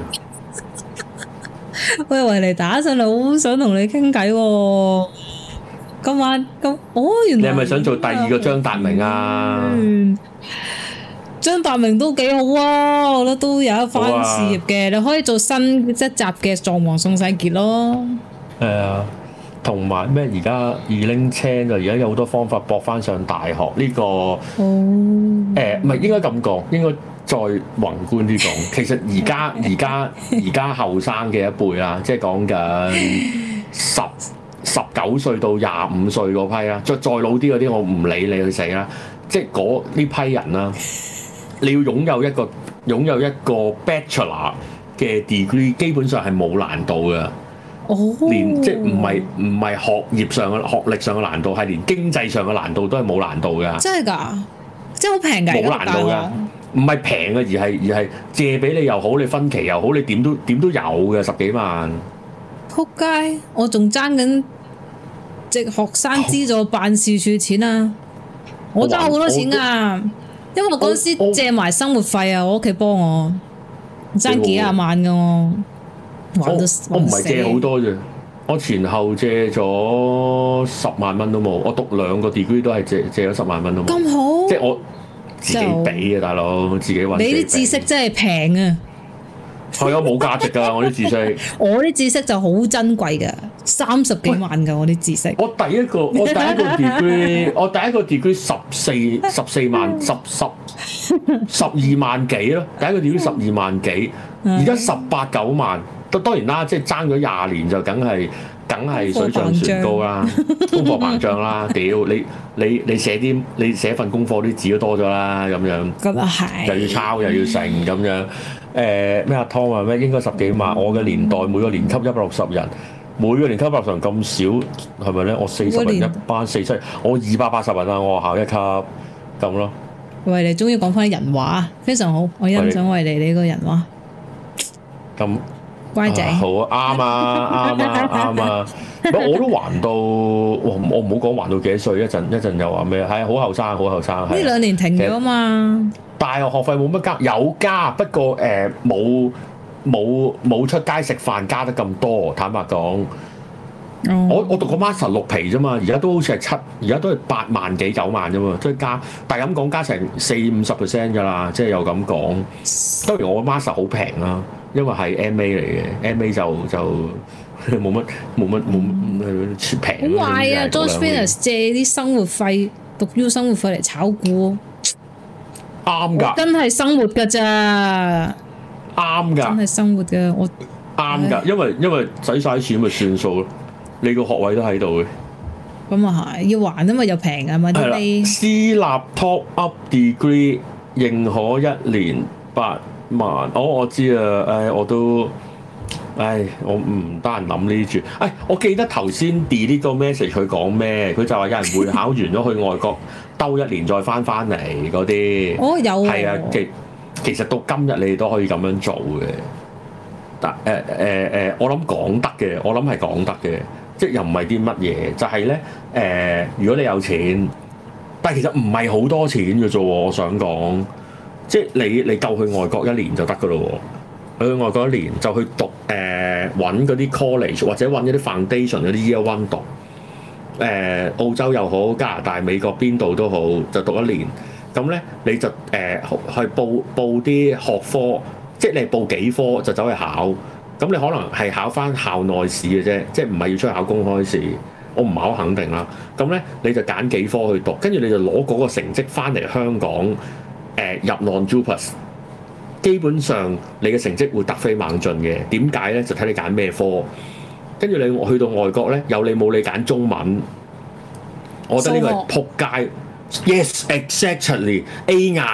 喂，維尼打上嚟，好想同你傾偈喎！今晚咁，哦原來你係咪想做第二個張達明啊？嗯。張達明都幾好啊！我覺得都有一番事業嘅。啊、你可以做新一集嘅《狀王宋世傑》咯，係，同埋咩而家二零青，就而家有好多方法博翻上大學呢、呢個。哦、嗯。唔係、呃、應該咁講，應該再宏觀啲講。 其實而家而家而家後生嘅一輩啦，即係講緊十十九 歲到廿五歲嗰批啦，再再老啲嗰啲我唔理你去死啦，即係嗰呢批人啦。 你要擁有一個擁有一個 bachelor 嘅 degree，基本上係冇難度嘅。哦、oh.，連即係唔係唔係學業上嘅學歷上嘅難度，係連經濟上嘅難度都係冇難度嘅。真係㗎，真係好平㗎，冇難度㗎。唔係平嘅，而係而係借俾你又好，你分期又好，你點都點都有嘅十幾萬。撲街！我仲爭緊即係學生資助辦事處錢啊！Oh. 我爭好多錢啊！因為嗰陣時借埋生活費啊我，我屋企幫我爭幾廿萬㗎，玩了我我唔係借好多啫，啊、我前後借咗十萬蚊都冇，我讀兩個 degree 都係借借咗十萬蚊都，冇。咁好，即係我自己俾啊，就大佬自己搵，你啲知識真係平啊！係啊，冇價值噶，喂我啲知識。我啲知識就好珍貴噶，三十幾萬噶，我啲知識。我第一個，我第一個 degree, 我第一個 degree 十四十四萬十十十二萬幾咯，第一個 degree 十二萬幾，而家十八九萬。都當然啦，即係爭咗廿年就梗係梗係水漲船高啦，通貨膨脹啦，屌 你你你寫啲你寫份功課啲字都多咗啦咁樣。咁啊係 又要抄又要成咁樣。誒咩阿湯話咩？應該十幾萬。我嘅年代每個年級一百六十人，每個年級百六十人咁少，係咪咧？我四十人一班，四七我二百八十人啊！我考一級咁咯。喂，你終於講翻人話，非常好，我欣賞喂你你呢個人話。咁乖仔，好啊，啱啊，啱啊，啱啊。我都還到，我唔好講還到幾歲。一陣一陣又話咩？係好後生，好後生。呢兩年停咗吖嘛？大學學費冇乜加，有加不過誒冇冇冇出街食飯加得咁多，坦白講。嗯。我我讀個 master 六皮啫嘛，而家都好似係七，而家都係八萬幾九萬啫嘛，即係加。但係咁講加成四五十 percent 㗎啦，即係又咁講。當然我個 master 好平啦，因為係 MA 嚟嘅，嗯，MA 就就冇乜冇乜冇平。好壞啊！Johns Finnis 借啲生活費讀 U 生活費嚟炒股。啱噶，真係生活噶咋？啱噶的，真係生活噶，我啱噶的唉，因為因為使晒錢咪算數咯，你個學位都喺度嘅。咁啊係，要還啊嘛又平啊嘛，咪啲的你私立 top up degree 認可一年八萬，哦我知啊，誒我都，誒我唔得閒諗呢住，誒我記得頭先啲呢個 message 佢講咩？佢就話有人會考完咗去外國。 兜一年再返返嚟嗰啲，哦有，係啊，其實其實到今日你哋都可以咁樣做嘅。但誒誒誒，我諗講得嘅，我諗係講得嘅，即係又唔係啲乜嘢，就係咧誒，如果你有錢，但係其實唔係好多錢嘅啫喎。我想講，即係你你夠去外國一年就得㗎喇喎，去外國一年就去讀誒搵嗰啲 college 或者搵一啲 foundation 嗰啲 year one 讀。誒、呃、澳洲又好，加拿大、美國邊度都好，就讀一年。咁咧你就誒、呃、去報報啲學科，即係你報幾科就走去考。咁你可能係考翻校內試嘅啫，即係唔係要出去考公開試？我唔係好肯定啦。咁咧你就揀幾科去讀，跟住你就攞嗰個成績翻嚟香港誒、呃、入 non-JUPAS，基本上你嘅成績會突飛猛進嘅。點解咧？就睇你揀咩科。跟住你去到外國咧，有你冇你揀中文，我覺得呢個係仆街。學 Yes, exactly A 硬，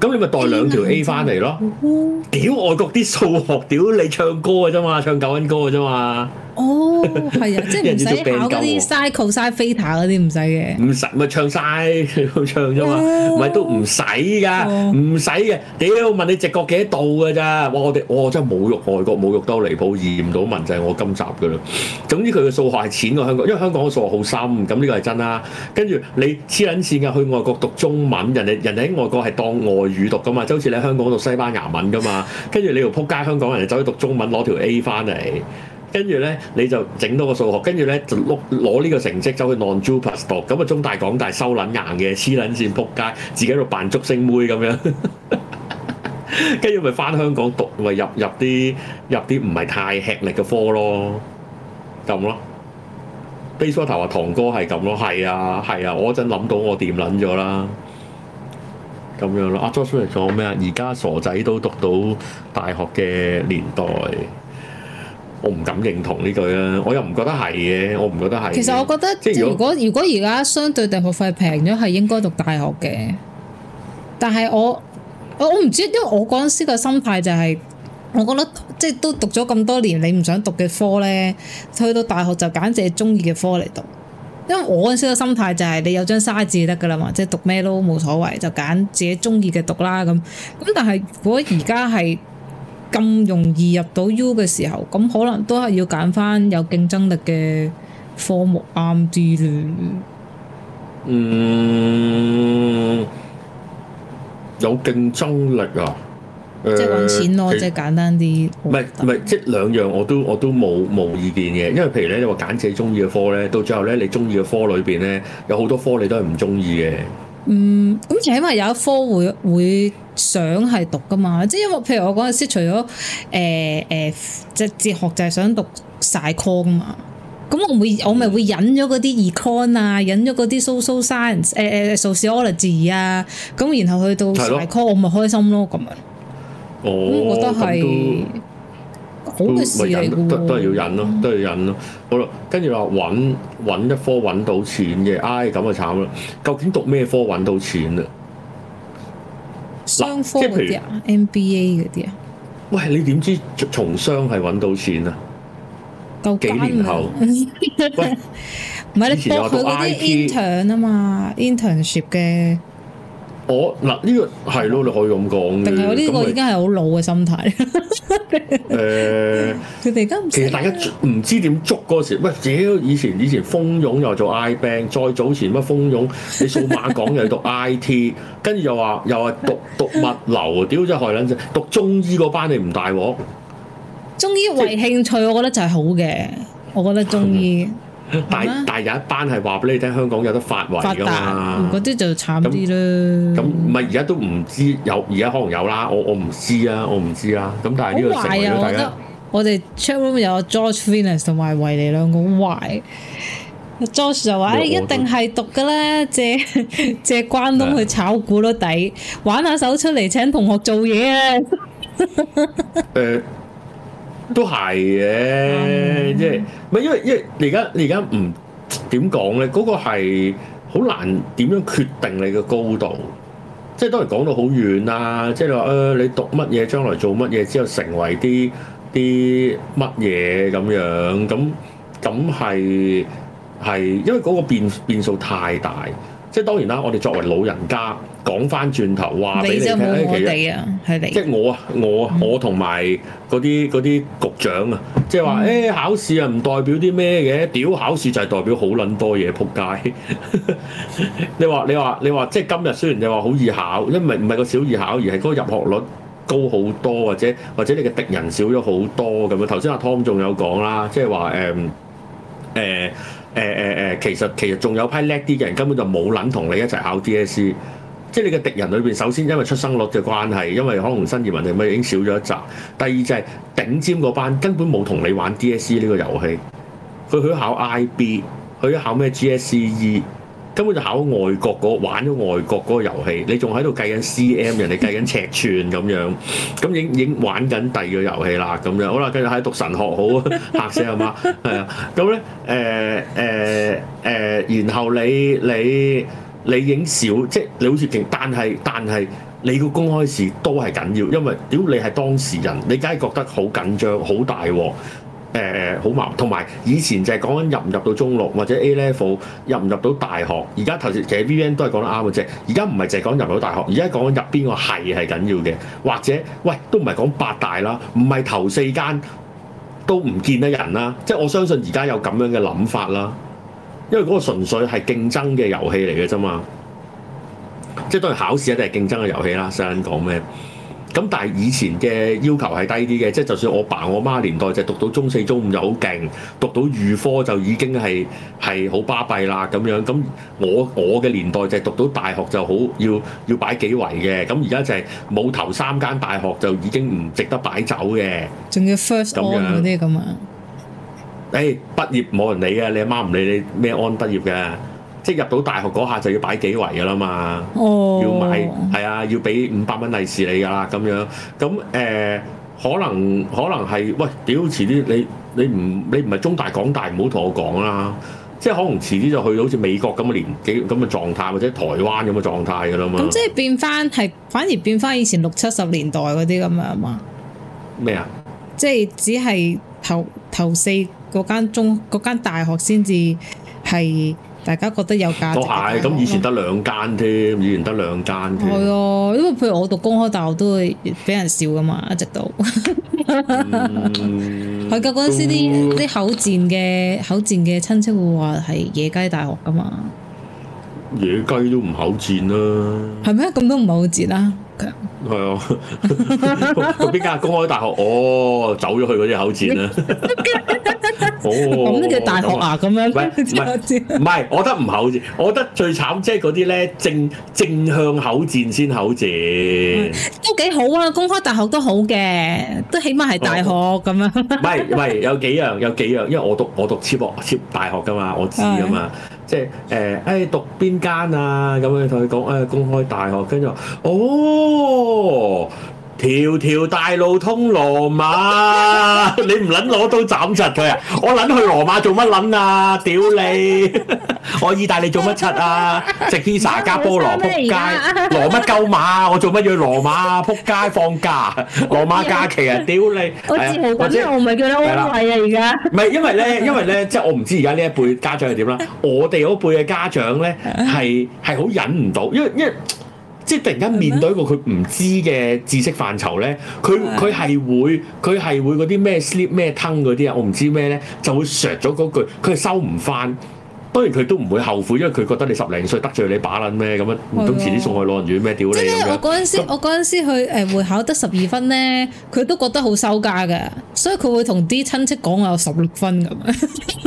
咁你咪代兩條 A 翻嚟咯。嗯、屌外國啲數學屌，屌你唱歌嘅啫嘛，唱九音歌嘅啫嘛。哦，係啊，即係唔使考嗰啲 sin、cos 嗰啲唔使嘅，唔使咪唱曬去唱啫嘛，咪、oh. 都唔使噶，唔使嘅，屌問你直角幾多度㗎咋？我哋我、哦、真係侮辱外國，侮辱到離譜，二唔到文就係、是、我今集㗎啦。總之佢嘅數學係淺過香港，因為香港嘅數學好深，咁、這、呢個係真啦。跟住你黐撚線㗎，去外國讀中文，人哋人哋喺外國係當外語讀㗎嘛，就好似你喺香港讀西班牙文㗎嘛。跟住你條撲街香港人走去讀中文，攞條 A 翻嚟。跟住咧，你就整多個數學，跟住咧就碌攞呢個成績走去 non-JUPAS 讀，咁啊中大港大收撚硬嘅，黐撚線，撲街，自己喺度扮竹升妹咁樣，跟住咪翻香港讀，咪入入啲入啲唔係太吃力嘅科咯，就咁咯。Baseball 頭話：唐哥係咁咯，係啊係啊，啊，我嗰陣諗到我掂撚咗啦，咁樣咯。阿 Josh 嚟做咩啊？而家傻仔都讀到大學嘅年代。我唔敢認同呢句啦，我又唔覺得係嘅，我唔覺得係。其實我覺得，如果如果而家相對地學費平咗，係應該讀大學嘅。但係我我唔知，因為我嗰陣時個心態就係，我覺得即係都讀咗咁多年，你唔想讀嘅科咧，去到大學就揀自己中意嘅科嚟讀。因為我嗰陣時個心態就係，你有張沙紙得噶啦嘛，即係讀咩都冇所謂，就揀自己中意嘅讀啦咁。咁但係如果而家係，咁容易入到 U 嘅時候，咁可能都係要揀翻有競爭力嘅科目啱啲咧。嗯，有競爭力啊，即係講錢咯，即係簡單啲。唔係唔係，即係兩樣我都我都冇冇意見嘅，因為譬如咧，你話揀自己中意嘅科咧，到最後咧，你中意嘅科裏邊咧，有好多科你都係唔中意嘅。嗯，咁就起碼有一科會會。想係讀噶嘛，即係因為譬如我講嘅，除咗誒誒，即、欸、係、欸、哲學就係想讀細科噶嘛。咁我會，嗯、我咪會忍咗嗰啲 Econ 啊，忍、so、咗嗰啲 Social Science 誒、欸、誒 Sociology 啊。咁然後去到細科，咯我咪開心咯咁啊。哦、我覺得係、哦、好嘅事嚟都都係要忍咯、嗯，都係忍咯。好啦，跟住話揾揾一科揾到錢嘅，唉，咁就慘啦。究竟讀咩科揾到錢啊？商科嗰啲啊，MBA 嗰啲啊，喂，你點知從商係揾到錢啊？夠幾年後，唔係你幫佢嗰啲 intern 啊嘛 ，internship 嘅。我嗱呢個係咯，你可以咁講。定係我呢個已經係好老嘅心態。誒、 uh，佢哋而家其實大家唔知點捉嗰時，喂，自己以前以前蜂擁又做 ibank，再早前乜蜂擁，你數碼港 又，又讀 IT，跟住又話又話讀讀物流，屌即係害撚死！讀中醫嗰班你唔大鑊。中醫為興趣，即我覺得就係好嘅，我覺得中醫。 但但有一班係話俾你聽，香港有得發圍㗎嘛？嗰啲就慘啲啦。咁唔係而家都唔知有，而家可能有啦。我我唔知啊，我唔知啊。咁但係呢個成為咗大家。我哋 chat room 有 George Venus 同埋維尼兩個壞。George 就話、哎，一定係讀㗎啦，借借關東去炒股都抵，的玩下手出嚟請同學做嘢啊！ 欸都係嘅，即係唔係因為因為你而家你而家唔點講咧？嗰個係好難點樣決定你嘅高度？即係當然講到好遠啦，即係話誒你讀乜嘢，將來做乜嘢，之後成為啲啲乜嘢咁樣咁，咁係係，因為嗰個變變數太大。即係當然啦，我哋作為老人家。講翻轉頭話俾你聽，其實即係我啊，我我同埋嗰啲嗰啲局長啊，即係話誒考試啊唔代表啲咩嘅，屌考試就係代表好撚多嘢撲街。你話你話你話，即係今日雖然你話好易考，因為唔係個小易考，而係嗰個入學率高好多，或者或者你嘅敵人少咗好多咁樣。頭先阿湯仲有講啦，即係話誒誒誒誒誒，其實其實仲有批叻啲嘅人根本就冇撚同你一齊考 DSE。即係你嘅敵人裏邊，首先因為出生率嘅關係，因為可能新移民地，咪已經少咗一集。第二就係頂尖嗰班根本冇同你玩 DSE 呢個遊戲，佢去考 IB，去咗考咩 GSE 根本就考外國嗰個玩咗外國嗰個遊戲。你仲喺度計緊 CM，人哋計緊尺寸咁樣，咁已經已經玩緊第二個遊戲啦。咁樣好啦，繼續喺讀神學好啊，嚇死係咪，係啊。 咁咧誒誒誒，然後你你。你影少即係你好似勁，但係但係你個公開試都係緊要，因為屌你係當事人，你梗係覺得好緊張、好大喎，誒、呃、好麻。同埋以前就係講緊入唔入到中六或者 A level 入唔入到大學，而家頭先其實 VVN 都係講得啱嘅啫。而家唔係淨係講入唔到大學，而家講緊入邊個係係緊要嘅，或者喂都唔係講八大啦，唔係頭四間都唔見得人啦。即係我相信而家有咁樣嘅諗法啦。因為嗰個純粹係競爭嘅遊戲嚟嘅啫嘛，即係當然考試一定係競爭嘅遊戲啦。想講咩？咁但係以前嘅要求係低啲嘅，即係就算我爸我媽年代就讀到中四中五就好勁，讀到預科就已經係係好巴閉啦咁樣。咁我我嘅年代就讀到大學就好要要擺幾圍嘅。咁而家就係冇頭三間大學就已經唔值得擺酒嘅，仲要 first a l 啲咁啊。誒、哎、畢業冇人理嘅，你阿媽唔理你咩安畢業嘅，即係入到大學嗰下就要擺幾圍㗎啦嘛，哦、要買係啊，要俾五百蚊利是你㗎啦咁樣。咁誒、嗯、可能可能係喂屌遲啲你你唔你唔係中大港大唔好同我講啦、啊，即係可能遲啲就去到好似美國咁嘅年紀咁嘅狀態，或者台灣咁嘅狀態㗎啦嘛。咁即係變翻係反而變翻以前六七十年代嗰啲咁樣嘛？咩啊麼？即係只係頭頭四。嗰間中嗰間大學先至係大家覺得有價值，都係咁。以前得兩間添，以前得兩間添。係啊，因為譬如我讀公開大學都會俾人笑噶嘛，一直都。佢教嗰陣時啲啲口賤嘅口賤嘅親戚會話係野雞大學噶嘛？野雞都唔口賤啦，係咩？咁都唔口賤啦。係啊，佢邊間公開大學？哦，走咗去嗰啲口賤啦。哦，咁好似大學啊咁樣，唔係，唔係，我得唔口字，我得最慘即係嗰啲咧正正向口賤先口字，都幾好啊！公開大學都好嘅，都起碼係大學咁樣。唔係唔係，有幾樣有幾樣，因為我讀我讀貼貼大學噶嘛，我知㗎嘛，即係誒誒讀邊間啊咁樣，同佢講誒、哎、公開大學，跟住話哦。條條大路通羅馬， 你唔捻攞刀斬實佢啊！我捻去羅馬做乜捻啊？屌你！ 我意大利做乜柒啊？食披薩加菠蘿，撲街！羅乜鳩馬，馬我做乜去羅馬啊？撲街放假，羅馬假期啊！屌你！我知！我自豪緊 者啊！我唔係叫你安慰啊！而家唔係因為咧，因為咧，即係我唔知而家呢一輩家長係點啦。 我哋嗰輩嘅家長咧，係係好忍唔到，因為因為。即係突然間面對一個佢唔知嘅知識範疇咧，佢佢係會佢係會嗰啲咩 slip 咩吞嗰啲啊，我唔知咩咧，就會削咗嗰句，佢係收唔翻。當然佢都唔會後悔，因為佢覺得你十零歲得罪你把撚咩咁樣，唔通遲啲送去老人院咩？屌你！即係我嗰陣時，我嗰陣時去誒會考得十二分咧，佢都覺得好收家㗎，所以佢會同啲親戚講我有十六分咁。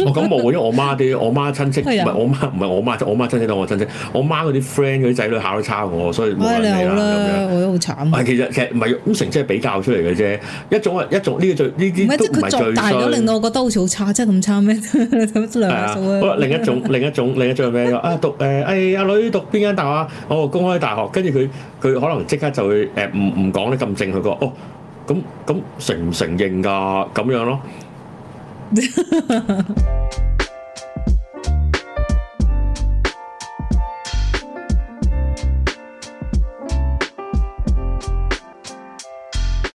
我咁冇，因為我媽啲我媽親戚唔係我媽唔係我媽，我媽親戚我親戚，我媽嗰啲 friend 嗰啲仔女考得差我，所以冇人理啦。我都好慘。其實其實唔係咁成績，即係比較出嚟嘅啫。一種係一種呢個最呢啲都唔係佢大咗，令到我覺得好似好差，真係咁差咩？兩數另一種。 另一種另一種係咩咯？啊，讀誒誒，阿、呃哎、女讀邊間大學？哦，公開大學。跟住佢佢可能即刻就會誒，唔唔講得咁正，佢講哦，咁咁承唔承認㗎？啊，咁樣咯。